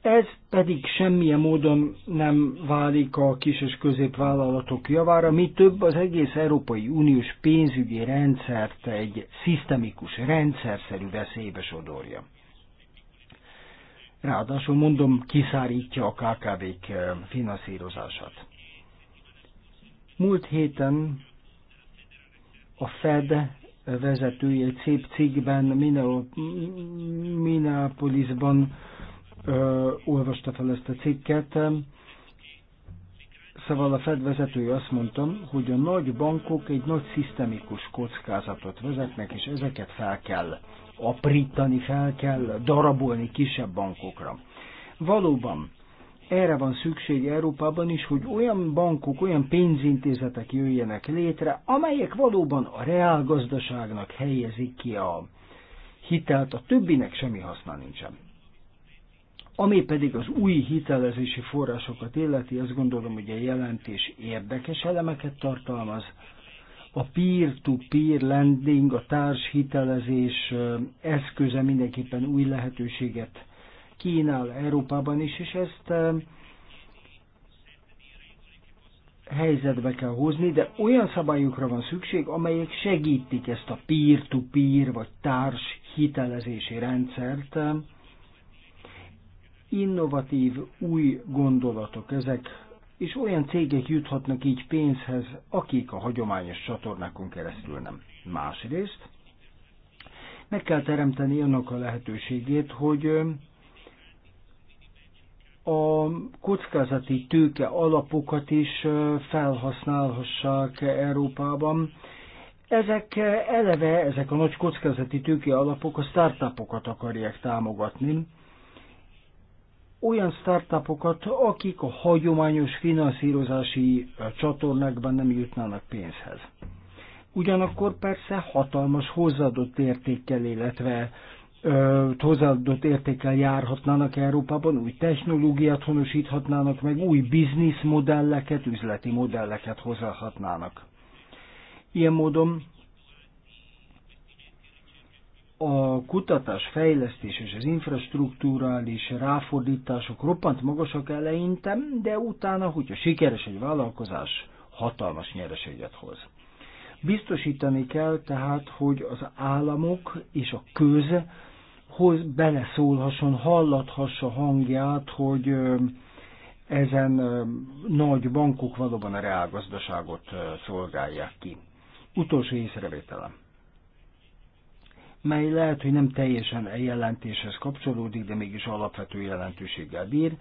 Ez pedig semmilyen módon nem válik a kis és középvállalatok javára, mi több az egész Európai Uniós pénzügyi rendszert egy szisztemikus, rendszerszerű veszélybe sodorja. Ráadásul mondom, kiszárítja a KKV-k eh, finanszírozását. Múlt héten a Fed vezetője egy szép cikkben Minneapolisban ö, eh, olvasta fel ezt a cikket. Szóval a Fed vezetője azt mondta, hogy a nagy bankok egy nagy szisztemikus kockázatot vezetnek, és ezeket fel kell aprítani fel kell, darabolni kisebb bankokra. Valóban, erre van szükség Európában is, hogy olyan bankok, olyan pénzintézetek jöjjenek létre, amelyek valóban a reálgazdaságnak helyezik ki a hitelt, a többinek semmi haszna nincsen. Ami pedig az új hitelezési forrásokat illeti, azt gondolom, hogy a jelentés érdekes elemeket tartalmaz, a peer-to-peer -peer lending, a társhitelezés eszköze mindenképpen új lehetőséget kínál Európában is, és ezt helyzetbe kell hozni, de olyan szabályokra van szükség, amelyek segítik ezt a peer-to-peer -peer, vagy társ hitelezési rendszert. Innovatív új gondolatok ezek és olyan cégek juthatnak így pénzhez, akik a hagyományos csatornákon keresztül nem. Másrészt meg kell teremteni annak a lehetőségét, hogy a kockázati tőke alapokat is felhasználhassák Európában. Ezek eleve, ezek a nagy kockázati tőke alapok a startupokat akarják támogatni, olyan startupokat, akik a hagyományos finanszírozási eh, csatornákban nem jutnának pénzhez. Ugyanakkor persze hatalmas hozzáadott értékkel, illetve ö, hozzáadott értékkel járhatnának Európában, új technológiát honosíthatnának, meg új bizniszmodelleket, üzleti modelleket hozzáhatnának. Ilyen módon a kutatás, fejlesztés és az infrastruktúrális ráfordítások roppant magasak eleinte, de utána, hogyha sikeres egy vállalkozás, hatalmas nyereséget hoz. Biztosítani kell tehát, hogy az államok és a köz hoz beleszólhasson, hallathassa hangját, hogy ezen nagy bankok valóban a reálgazdaságot szolgálják ki. Utolsó észrevételem mely lehet, hogy nem teljesen a jelentéshez kapcsolódik, de mégis alapvető jelentőséggel bír.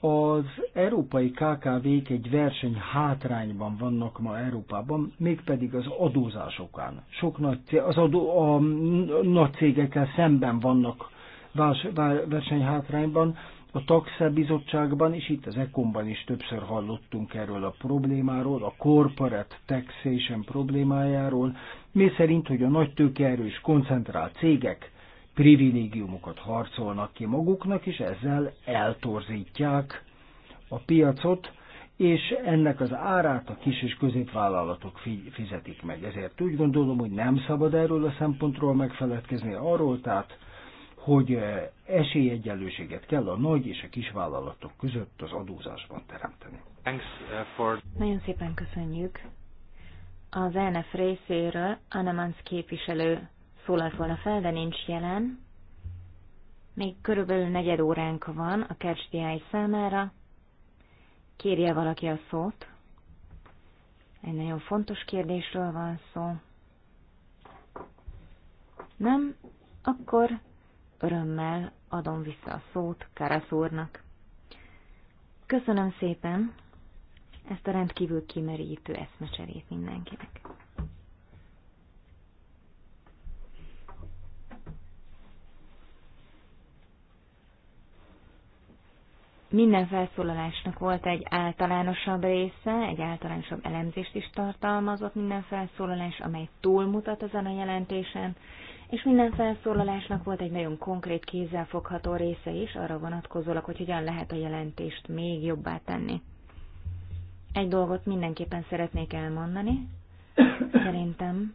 Az európai KKV-k egy verseny hátrányban vannak ma Európában, mégpedig az adózásokán. Sok nagy, az adó, a nagy cégekkel szemben vannak verseny hátrányban. versenyhátrányban, a taxabizottságban, és itt az ECOM-ban is többször hallottunk erről a problémáról, a corporate taxation problémájáról, mi szerint, hogy a nagy és koncentrált cégek privilégiumokat harcolnak ki maguknak, és ezzel eltorzítják a piacot, és ennek az árát a kis és középvállalatok fizetik meg. Ezért úgy gondolom, hogy nem szabad erről a szempontról megfeledkezni arról, tehát hogy eh, esélyegyenlőséget kell a nagy és a kis vállalatok között az adózásban teremteni. Thanks eh, for... Nagyon szépen köszönjük. Az e NF részéről Anamans képviselő szólalt volna fel, de nincs jelen. Még körülbelül negyed óránk van a Kercsdiáj számára. Kérje valaki a szót. Egy nagyon fontos kérdésről van szó. Nem? Akkor örömmel adom vissza a szót Karasz úrnak. Köszönöm szépen ezt a rendkívül kimerítő eszmecserét mindenkinek. Minden felszólalásnak volt egy általánosabb része, egy általánosabb elemzést is tartalmazott minden felszólalás, amely túlmutat ezen a jelentésen, és minden felszólalásnak volt egy nagyon konkrét kézzelfogható része is, arra vonatkozólag, hogy hogyan lehet a jelentést még jobbá tenni. Egy dolgot mindenképpen szeretnék elmondani. Szerintem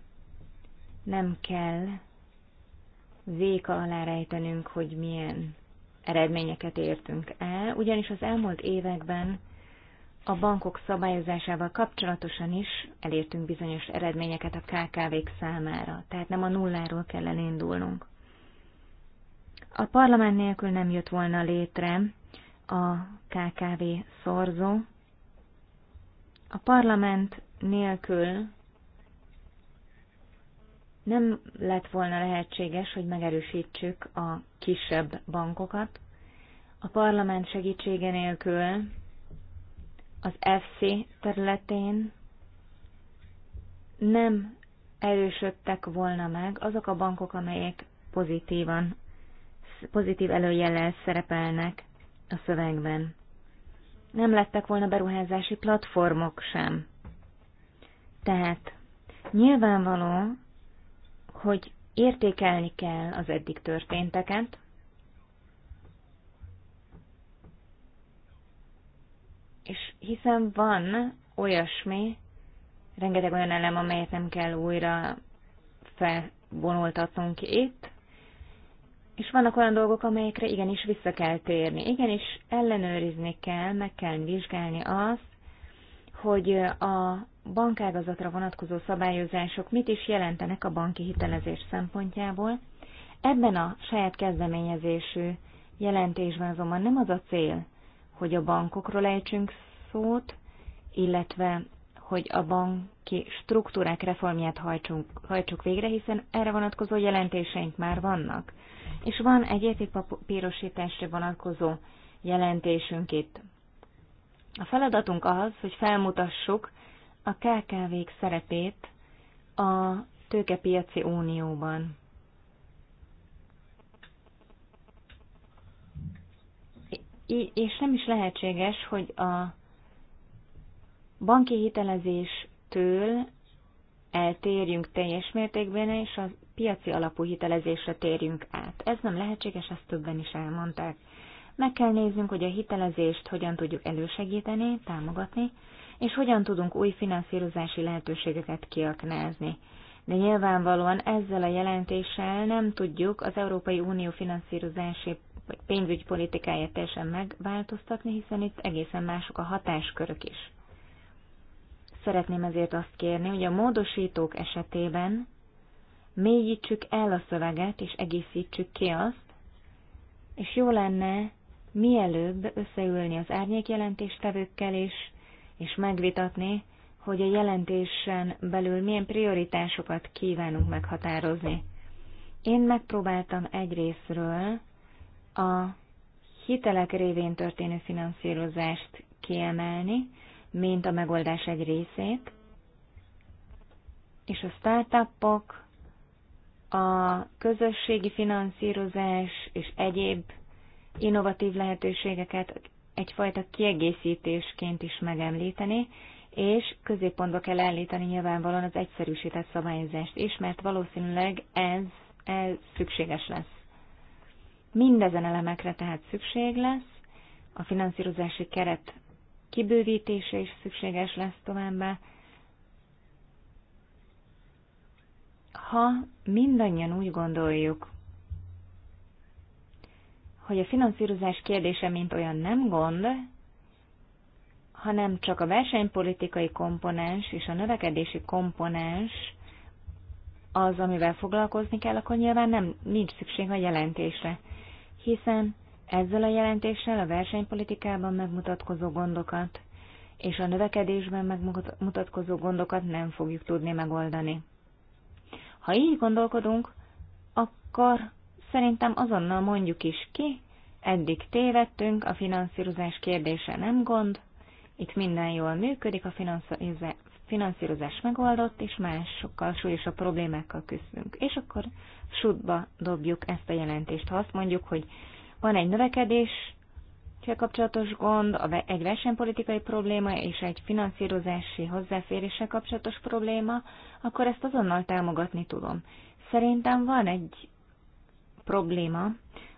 nem kell véka alá rejtenünk, hogy milyen eredményeket értünk el, ugyanis az elmúlt években a bankok szabályozásával kapcsolatosan is elértünk bizonyos eredményeket a KKV-k számára, tehát nem a nulláról kell elindulnunk. A parlament nélkül nem jött volna létre a KKV szorzó. A parlament nélkül nem lett volna lehetséges, hogy megerősítsük a kisebb bankokat. A parlament segítsége nélkül az FC területén nem erősödtek volna meg azok a bankok, amelyek pozitívan, pozitív előjellel szerepelnek a szövegben. Nem lettek volna beruházási platformok sem. Tehát nyilvánvaló, hogy értékelni kell az eddig történteket, És hiszen van olyasmi, rengeteg olyan elem, amelyet nem kell újra felvonultatnunk itt, és vannak olyan dolgok, amelyekre igenis vissza kell térni. Igenis ellenőrizni kell, meg kell vizsgálni azt, hogy a bankágazatra vonatkozó szabályozások mit is jelentenek a banki hitelezés szempontjából. Ebben a saját kezdeményezésű jelentésben azonban nem az a cél, hogy a bankokról ejtsünk szót, illetve hogy a banki struktúrák reformját hajtsunk, hajtsuk végre, hiszen erre vonatkozó jelentéseink már vannak. És van egy értékpapírosításra vonatkozó jelentésünk itt. A feladatunk az, hogy felmutassuk a KKV-k szerepét a tőkepiaci unióban. és nem is lehetséges, hogy a banki hitelezéstől eltérjünk teljes mértékben, és a piaci alapú hitelezésre térjünk át. Ez nem lehetséges, ezt többen is elmondták. Meg kell néznünk, hogy a hitelezést hogyan tudjuk elősegíteni, támogatni, és hogyan tudunk új finanszírozási lehetőségeket kiaknázni. De nyilvánvalóan ezzel a jelentéssel nem tudjuk az Európai Unió finanszírozási vagy pénzügypolitikáját teljesen megváltoztatni, hiszen itt egészen mások a hatáskörök is. Szeretném ezért azt kérni, hogy a módosítók esetében mélyítsük el a szöveget, és egészítsük ki azt, és jó lenne mielőbb összeülni az árnyékjelentéstevőkkel is, és megvitatni, hogy a jelentésen belül milyen prioritásokat kívánunk meghatározni. Én megpróbáltam egy részről, a hitelek révén történő finanszírozást kiemelni, mint a megoldás egy részét, és a startupok, a közösségi finanszírozás és egyéb innovatív lehetőségeket egyfajta kiegészítésként is megemlíteni, és középpontba kell állítani nyilvánvalóan az egyszerűsített szabályozást is, mert valószínűleg ez, ez szükséges lesz. Mindezen elemekre tehát szükség lesz, a finanszírozási keret kibővítése is szükséges lesz továbbá. Ha mindannyian úgy gondoljuk, hogy a finanszírozás kérdése mint olyan nem gond, hanem csak a versenypolitikai komponens és a növekedési komponens az, amivel foglalkozni kell, akkor nyilván nem nincs szükség a jelentésre hiszen ezzel a jelentéssel a versenypolitikában megmutatkozó gondokat és a növekedésben megmutatkozó gondokat nem fogjuk tudni megoldani. Ha így gondolkodunk, akkor szerintem azonnal mondjuk is ki, eddig tévedtünk, a finanszírozás kérdése nem gond, itt minden jól működik, a finanszírozás megoldott, és más sokkal súlyosabb problémákkal küzdünk. És akkor sútba dobjuk ezt a jelentést. Ha azt mondjuk, hogy van egy növekedés, kapcsolatos gond, egy versenypolitikai probléma és egy finanszírozási hozzáféréssel kapcsolatos probléma, akkor ezt azonnal támogatni tudom. Szerintem van egy probléma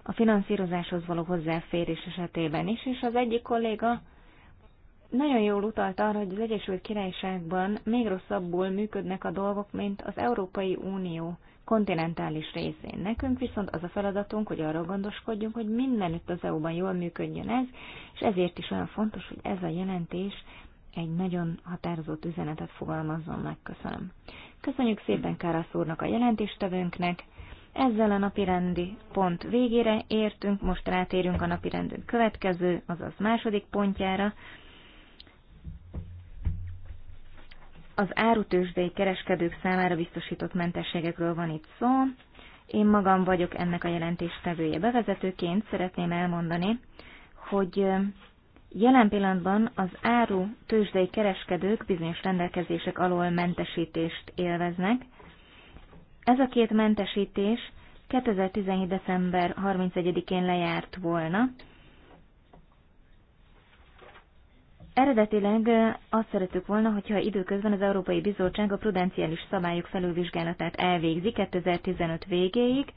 a finanszírozáshoz való hozzáférés esetében is, és az egyik kolléga nagyon jól utalt arra, hogy az Egyesült Királyságban még rosszabbul működnek a dolgok, mint az Európai Unió kontinentális részén. Nekünk viszont az a feladatunk, hogy arra gondoskodjunk, hogy mindenütt az EU-ban jól működjön ez, és ezért is olyan fontos, hogy ez a jelentés egy nagyon határozott üzenetet fogalmazzon meg. Köszönöm. Köszönjük szépen Kárász úrnak a jelentéstevőnknek. Ezzel a napirendi pont végére értünk, most rátérünk a napirendünk következő, azaz második pontjára, Az árutősdei kereskedők számára biztosított mentességekről van itt szó. Én magam vagyok ennek a jelentéstevője bevezetőként. Szeretném elmondani, hogy jelen pillanatban az áru tőzsdei kereskedők bizonyos rendelkezések alól mentesítést élveznek. Ez a két mentesítés 2017. december 31-én lejárt volna, Eredetileg azt szerettük volna, hogyha időközben az Európai Bizottság a prudenciális szabályok felülvizsgálatát elvégzi 2015 végéig,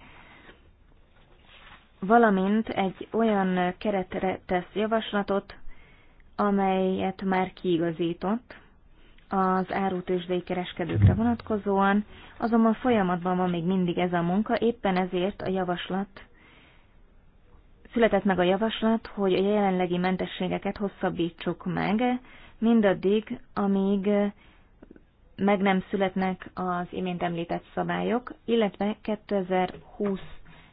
valamint egy olyan keretre tesz javaslatot, amelyet már kiigazított az árutősdei kereskedőkre vonatkozóan, azonban folyamatban van még mindig ez a munka, éppen ezért a javaslat Született meg a javaslat, hogy a jelenlegi mentességeket hosszabbítsuk meg, mindaddig, amíg meg nem születnek az imént említett szabályok, illetve 2020.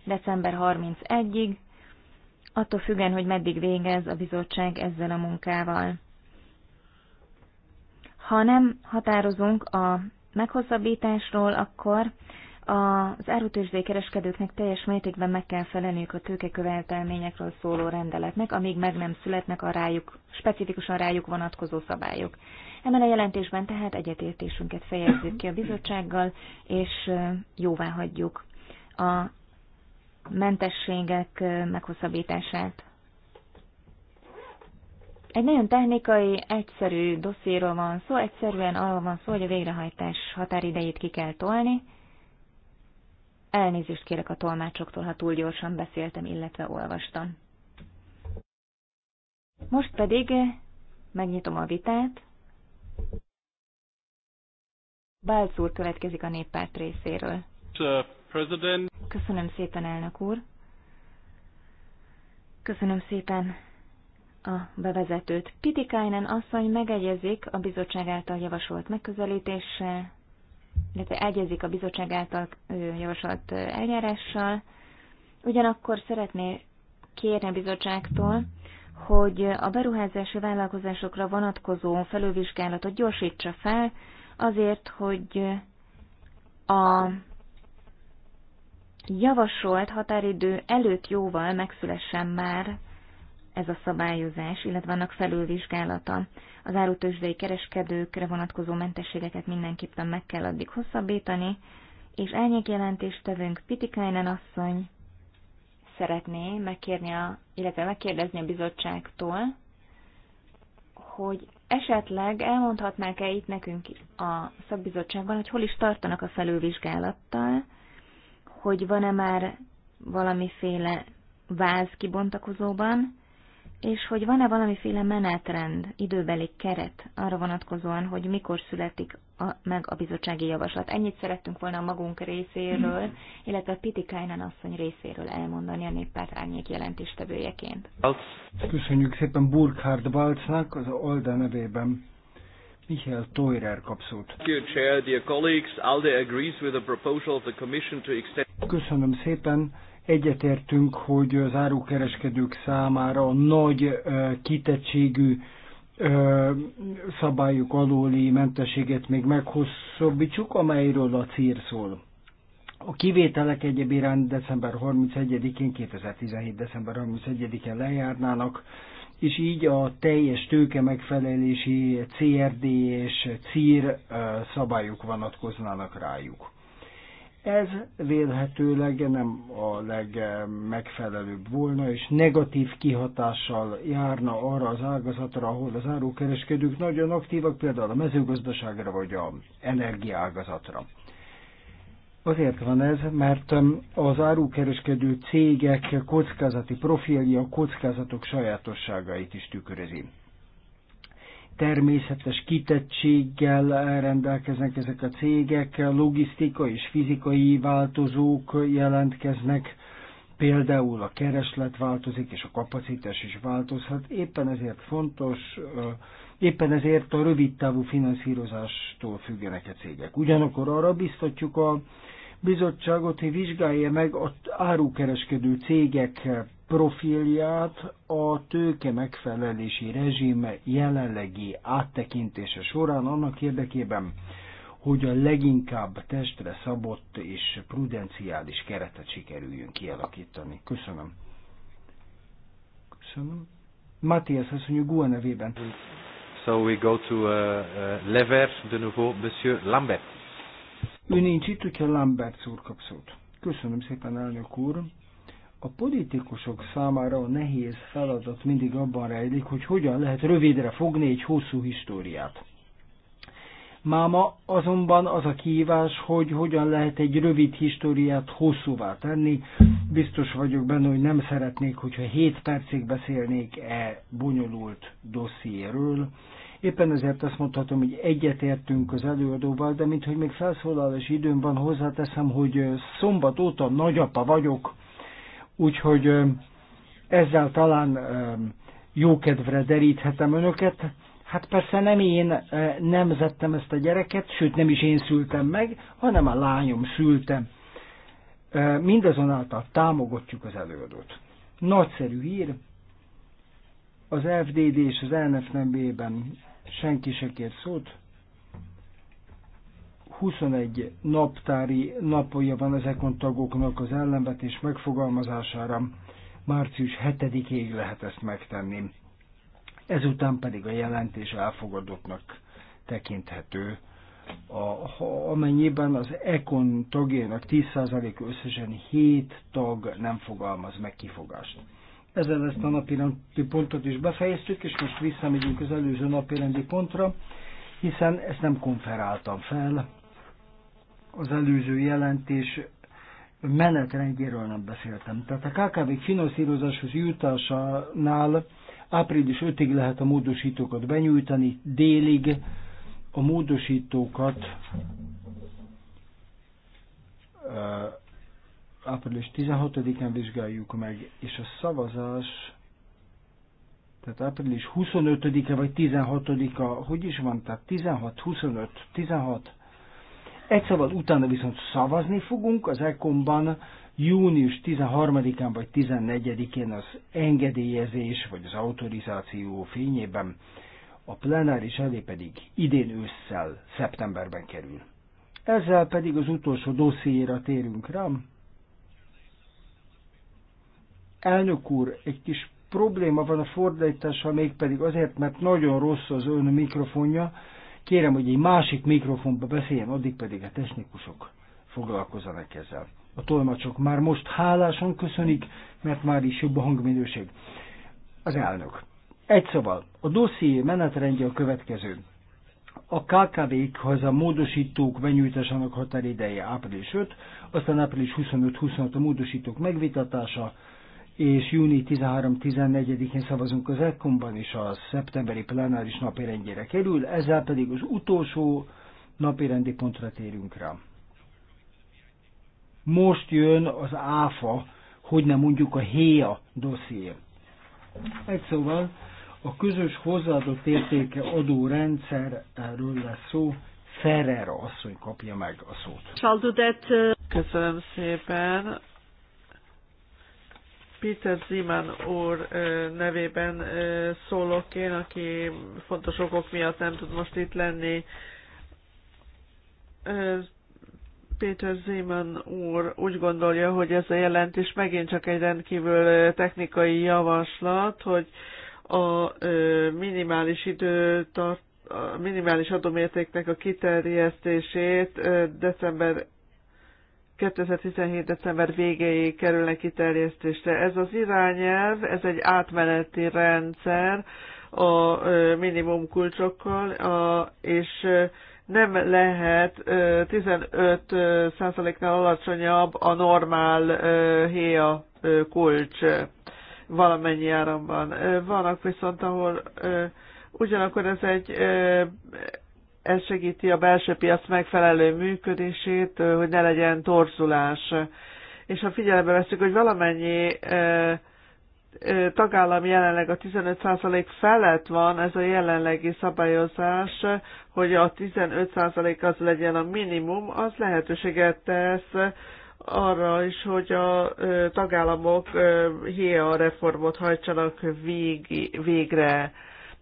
december 31-ig, attól függően, hogy meddig végez a bizottság ezzel a munkával. Ha nem határozunk a meghosszabbításról, akkor az árutőzsdékereskedőknek teljes mértékben meg kell felelniük a tőkekövetelményekről szóló rendeletnek, amíg meg nem születnek a rájuk, specifikusan rájuk vonatkozó szabályok. Ebben a jelentésben tehát egyetértésünket fejezzük ki a bizottsággal, és jóvá hagyjuk a mentességek meghosszabbítását. Egy nagyon technikai, egyszerű dosszéről van szó, egyszerűen arról van szó, hogy a végrehajtás határidejét ki kell tolni, Elnézést kérek a tolmácsoktól, ha túl gyorsan beszéltem, illetve olvastam. Most pedig megnyitom a vitát. Bálc úr következik a néppárt részéről. Uh, Köszönöm szépen, elnök úr. Köszönöm szépen a bevezetőt. Pitikainen asszony megegyezik a bizottság által javasolt megközelítéssel, illetve egyezik a bizottság által javasolt eljárással. Ugyanakkor szeretné kérni a bizottságtól, hogy a beruházási vállalkozásokra vonatkozó felülvizsgálatot gyorsítsa fel, azért, hogy a javasolt határidő előtt jóval megszülessen már ez a szabályozás, illetve annak felülvizsgálata. Az árutősdei kereskedőkre vonatkozó mentességeket mindenképpen meg kell addig hosszabbítani, és árnyékjelentéstevőnk Pitikainen asszony szeretné megkérni a, illetve megkérdezni a bizottságtól, hogy esetleg elmondhatnák-e itt nekünk a szakbizottságban, hogy hol is tartanak a felülvizsgálattal, hogy van-e már valamiféle váz kibontakozóban, és hogy van-e valamiféle menetrend, időbeli keret arra vonatkozóan, hogy mikor születik a, meg a bizottsági javaslat. Ennyit szerettünk volna a magunk részéről, mhm. illetve a Piti Pitikainen asszony részéről elmondani a néppárt árnyék jelentéstevőjeként. Köszönjük szépen Burkhard Balcnak az Alda nevében. Michael Toirer kapszót. Köszönöm szépen. Egyetértünk, hogy az árukereskedők számára a nagy kitettségű szabályok alóli mentességet még meghosszabbítsuk, amelyről a cír szól. A kivételek egyéb iránt december 31-én, 2017. december 31-én lejárnának, és így a teljes tőke megfelelési CRD és CIR szabályok vonatkoznának rájuk. Ez vélhetőleg nem a legmegfelelőbb volna, és negatív kihatással járna arra az ágazatra, ahol az árukereskedők nagyon aktívak, például a mezőgazdaságra vagy a energiaágazatra. Azért van ez, mert um, az árukereskedő cégek kockázati profilja a kockázatok sajátosságait is tükrözi természetes kitettséggel rendelkeznek ezek a cégek, logisztika és fizikai változók jelentkeznek, például a kereslet változik, és a kapacitás is változhat. Éppen ezért fontos, éppen ezért a rövid távú finanszírozástól függenek a cégek. Ugyanakkor arra biztatjuk a bizottságot, hogy vizsgálja meg az árukereskedő cégek profilját a tőke megfelelési rezsime jelenlegi áttekintése során annak érdekében, hogy a leginkább testre szabott és prudenciális keretet sikerüljön kialakítani. Köszönöm. Köszönöm. Matthias mondjuk Gua nevében. So we go to uh, uh, Lever, de nouveau, Monsieur Lambert. Ő nincs itt, hogyha Lambert szúr kapszót. Köszönöm szépen, elnök úr. A politikusok számára a nehéz feladat mindig abban rejlik, hogy hogyan lehet rövidre fogni egy hosszú históriát. Máma azonban az a kihívás, hogy hogyan lehet egy rövid históriát hosszúvá tenni. Biztos vagyok benne, hogy nem szeretnék, hogyha 7 percig beszélnék e bonyolult dossziéről. Éppen ezért azt mondhatom, hogy egyetértünk az előadóval, de minthogy még felszólalási időm van, hozzáteszem, hogy szombat óta nagyapa vagyok, úgyhogy ezzel talán jókedvre deríthetem önöket. Hát persze nem én nemzettem ezt a gyereket, sőt nem is én szültem meg, hanem a lányom szülte. Mindazonáltal támogatjuk az előadót. Nagyszerű hír, az FDD és az NFNB-ben senki se kér szót. 21 naptári napja van ezekon tagoknak az ellenvetés megfogalmazására, március 7-ig lehet ezt megtenni. Ezután pedig a jelentés elfogadottnak tekinthető, a, ha, amennyiben az ECON tagjának 10% összesen 7 tag nem fogalmaz meg kifogást. Ezzel ezt a napi pontot is befejeztük, és most visszamegyünk az előző rendi pontra, hiszen ezt nem konferáltam fel, az előző jelentés menetrendjéről nem beszéltem. Tehát a KKV finanszírozáshoz jutásánál április 5-ig lehet a módosítókat benyújtani, délig a módosítókat április 16-án vizsgáljuk meg, és a szavazás, tehát április 25-e vagy 16-a, hogy is van, tehát 16, 25, 16, egy szabad szóval utána viszont szavazni fogunk az ECOM-ban június 13-án vagy 14-én az engedélyezés vagy az autorizáció fényében, a plenáris elé pedig idén ősszel, szeptemberben kerül. Ezzel pedig az utolsó dossziéra térünk rá. Elnök úr, egy kis probléma van a fordítással, mégpedig azért, mert nagyon rossz az ön mikrofonja, Kérem, hogy egy másik mikrofonba beszéljen, addig pedig a technikusok foglalkozzanak ezzel. A tolmacsok már most hálásan köszönik, mert már is jobb a hangminőség. Az elnök. Egy szóval, a dosszié menetrendje a következő. A KKV-khoz a módosítók benyújtásának határideje április 5, aztán április 25-26 a módosítók megvitatása, és júni 13-14-én szavazunk az ECOM-ban, és a szeptemberi plenáris napirendjére kerül, ezzel pedig az utolsó napirendi pontra térünk rá. Most jön az ÁFA, hogy nem mondjuk a HÉA dosszié. Egy szóval a közös hozzáadott értéke adó erről lesz szó, Ferrer asszony kapja meg a szót. Köszönöm szépen. Peter Zeman úr nevében szólok én, aki fontos okok miatt nem tud most itt lenni. Peter Zeman úr úgy gondolja, hogy ez a jelentés megint csak egy rendkívül technikai javaslat, hogy a minimális időtart a minimális adómértéknek a kiterjesztését december 2017. december végéig kerülnek kiterjesztésre. Ez az irányelv, ez egy átmeneti rendszer a minimum kulcsokkal, a, és nem lehet 15%-nál alacsonyabb a normál héja kulcs valamennyi áramban. Vannak viszont, ahol ugyanakkor ez egy ez segíti a belső piac megfelelő működését, hogy ne legyen torzulás. És ha figyelembe veszük, hogy valamennyi tagállam jelenleg a 15% felett van ez a jelenlegi szabályozás, hogy a 15% az legyen a minimum, az lehetőséget tesz arra is, hogy a tagállamok HIA reformot hajtsanak végre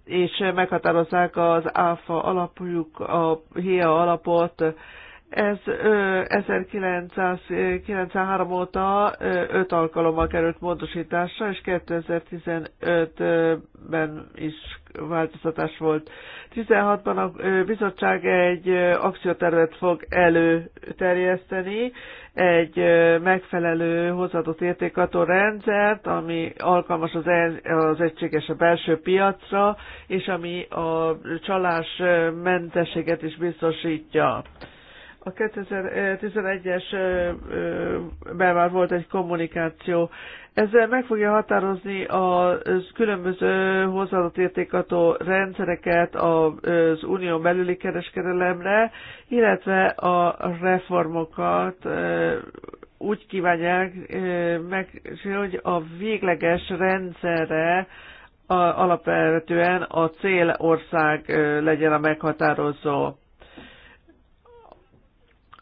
és meghatározzák az ÁFA alapjuk, a HIA alapot. Ez 1993 óta 5 alkalommal került módosításra, és 2015-ben is változtatás volt. 16-ban a bizottság egy akciótervet fog előterjeszteni, egy megfelelő hozadott értékató rendszert, ami alkalmas az, az egységes a belső piacra, és ami a csalás mentességet is biztosítja. A 2011-es ben már volt egy kommunikáció. Ezzel meg fogja határozni a különböző hozzáadott értékató rendszereket az Unió belüli kereskedelemre, illetve a reformokat úgy kívánják meg, hogy a végleges rendszerre alapvetően a célország legyen a meghatározó.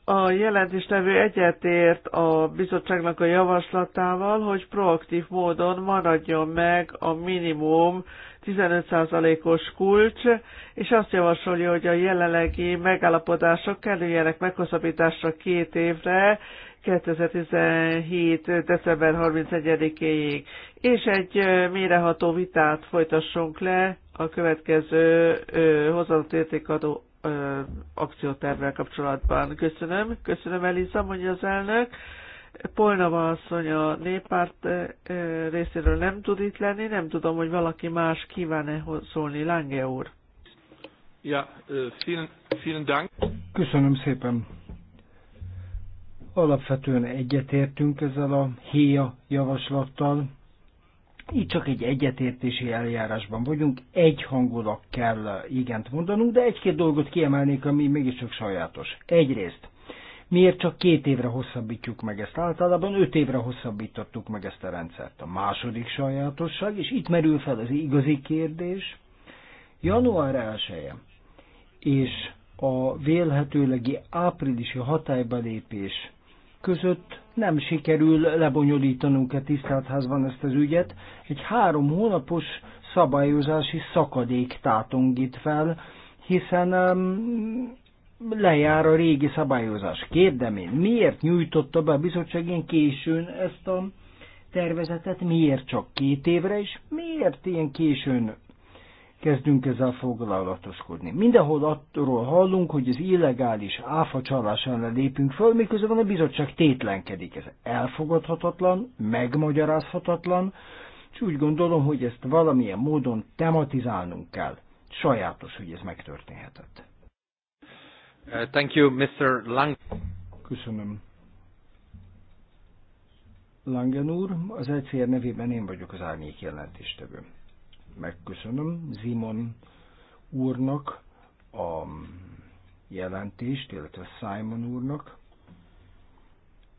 A jelentéstevő egyetért a bizottságnak a javaslatával, hogy proaktív módon maradjon meg a minimum 15%-os kulcs, és azt javasolja, hogy a jelenlegi megállapodások kerüljenek meghosszabbításra két évre, 2017. december 31-éig, és egy méreható vitát folytassunk le a következő hozzáadott értékadó akciótervvel kapcsolatban. Köszönöm, köszönöm Eliza, mondja az elnök. Polnava asszony a néppárt részéről nem tud itt lenni, nem tudom, hogy valaki más kíván-e szólni. Lange úr. Ja, vielen, vielen Dank. Köszönöm szépen. Alapvetően egyetértünk ezzel a héja javaslattal, itt csak egy egyetértési eljárásban vagyunk, egy hangulak kell igent mondanunk, de egy-két dolgot kiemelnék, ami mégiscsak sajátos. Egyrészt, miért csak két évre hosszabbítjuk meg ezt? Általában öt évre hosszabbítottuk meg ezt a rendszert. A második sajátosság, és itt merül fel az igazi kérdés, január 1 -e, és a vélhetőlegi áprilisi hatályba között nem sikerül lebonyolítanunk a tisztátházban ezt az ügyet. Egy három hónapos szabályozási szakadék tátong itt fel, hiszen um, lejár a régi szabályozás. Kérdem én, miért nyújtotta be a bizottságén ilyen későn ezt a tervezetet, miért csak két évre, és miért ilyen későn kezdünk ezzel foglalatoskodni. Mindenhol attól hallunk, hogy az illegális áfa csalás ellen lépünk föl, miközben a bizottság tétlenkedik. Ez elfogadhatatlan, megmagyarázhatatlan, és úgy gondolom, hogy ezt valamilyen módon tematizálnunk kell. Sajátos, hogy ez megtörténhetett. Uh, thank you, Mr. Lang. Köszönöm. Langen úr, az ECR nevében én vagyok az árnyék jelentéstevő megköszönöm Zimon úrnak a jelentést, illetve Simon úrnak.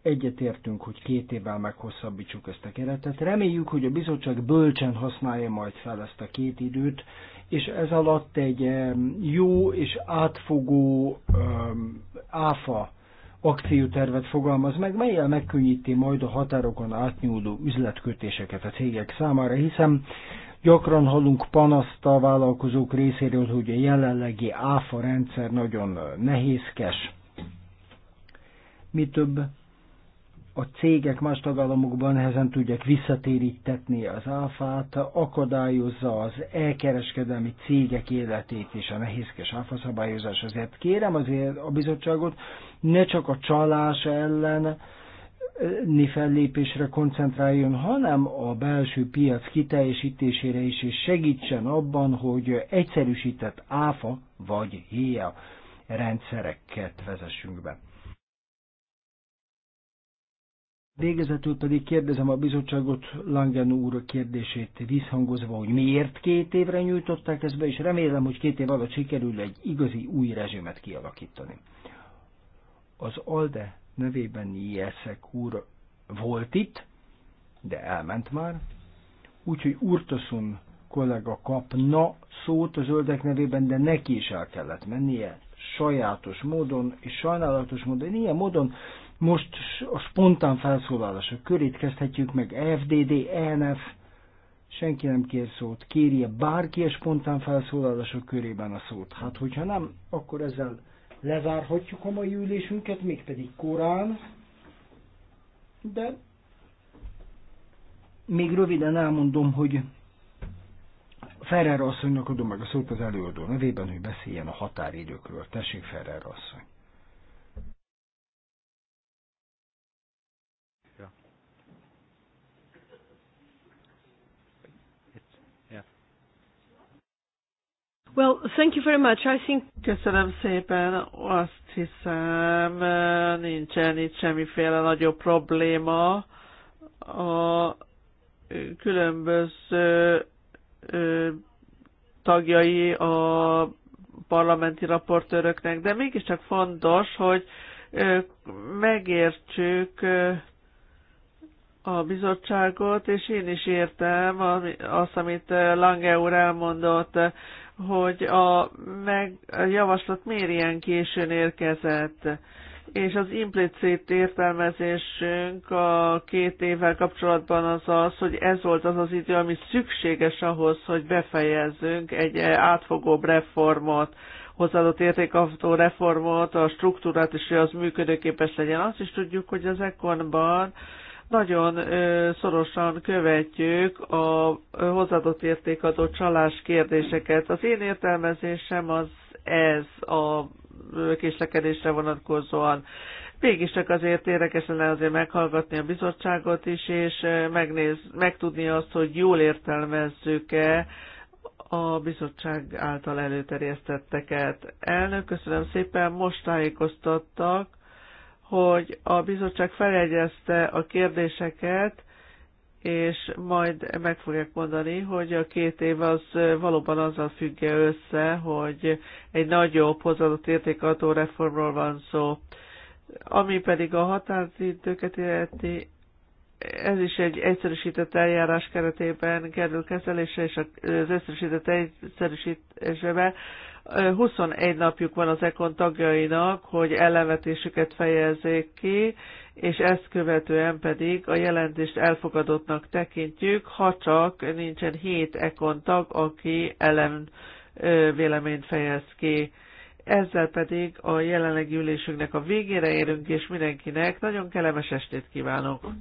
Egyetértünk, hogy két évvel meghosszabbítsuk ezt a keretet. Reméljük, hogy a bizottság bölcsen használja majd fel ezt a két időt, és ez alatt egy jó és átfogó áfa akciótervet fogalmaz meg, melyel megkönnyíti majd a határokon átnyúló üzletkötéseket a cégek számára, hiszen Gyakran hallunk panaszt a vállalkozók részéről, hogy a jelenlegi áfa rendszer nagyon nehézkes. Mi több, a cégek más tagállamokban nehezen tudják visszatérítetni az áfát, akadályozza az elkereskedelmi cégek életét és a nehézkes áfaszabályozás. Ezért kérem azért a bizottságot, ne csak a csalás ellen, ni fellépésre koncentráljon, hanem a belső piac kiteljesítésére is, és segítsen abban, hogy egyszerűsített áfa vagy héja rendszereket vezessünk be. Végezetül pedig kérdezem a bizottságot Langen úr kérdését visszhangozva, hogy miért két évre nyújtották ezt be, és remélem, hogy két év alatt sikerül egy igazi új rezsimet kialakítani. Az ALDE nevében Jeszek úr volt itt, de elment már, úgyhogy Urtosun kollega kapna szót a zöldek nevében, de neki is el kellett mennie sajátos módon és sajnálatos módon. Ilyen módon most a spontán felszólalása körét kezdhetjük meg FDD, ENF, senki nem kér szót, kérje bárki a spontán felszólalások körében a szót. Hát hogyha nem, akkor ezzel lezárhatjuk a mai ülésünket, mégpedig korán, de még röviden elmondom, hogy Ferrer asszonynak adom meg a szót az előadó nevében, hogy beszéljen a határidőkről. Tessék, Ferrer asszony! Well, thank you very much. I think... Köszönöm szépen. Azt hiszem, nincsen itt semmiféle nagyobb probléma. A különböző tagjai a parlamenti raportőröknek, de mégiscsak fontos, hogy megértsük a bizottságot, és én is értem azt, amit Lange úr elmondott hogy a, meg, a javaslat miért ilyen későn érkezett, és az implicit értelmezésünk a két évvel kapcsolatban az az, hogy ez volt az az idő, ami szükséges ahhoz, hogy befejezzünk egy átfogóbb reformot, hozzáadott értékadó reformot, a struktúrát is, hogy az működőképes legyen. Azt is tudjuk, hogy az ekkorban nagyon szorosan követjük a hozzáadott értékadó csalás kérdéseket. Az én értelmezésem az ez a késlekedésre vonatkozóan. Mégiscsak azért érdekes lenne azért meghallgatni a bizottságot is, és megnéz, megtudni azt, hogy jól értelmezzük-e a bizottság által előterjesztetteket. Elnök, köszönöm szépen, most tájékoztattak hogy a bizottság felegyezte a kérdéseket, és majd meg fogják mondani, hogy a két év az valóban azzal függe össze, hogy egy nagyobb hozadott értékadó reformról van szó. Ami pedig a határidőket illeti, ez is egy egyszerűsített eljárás keretében kerül kezelésre, és az egyszerűsített egyszerűsítésbe 21 napjuk van az EKON tagjainak, hogy ellenvetésüket fejezzék ki, és ezt követően pedig a jelentést elfogadottnak tekintjük, ha csak nincsen 7 EKON tag, aki ellen véleményt fejez ki. Ezzel pedig a jelenlegi ülésünknek a végére érünk, és mindenkinek nagyon kellemes estét kívánok!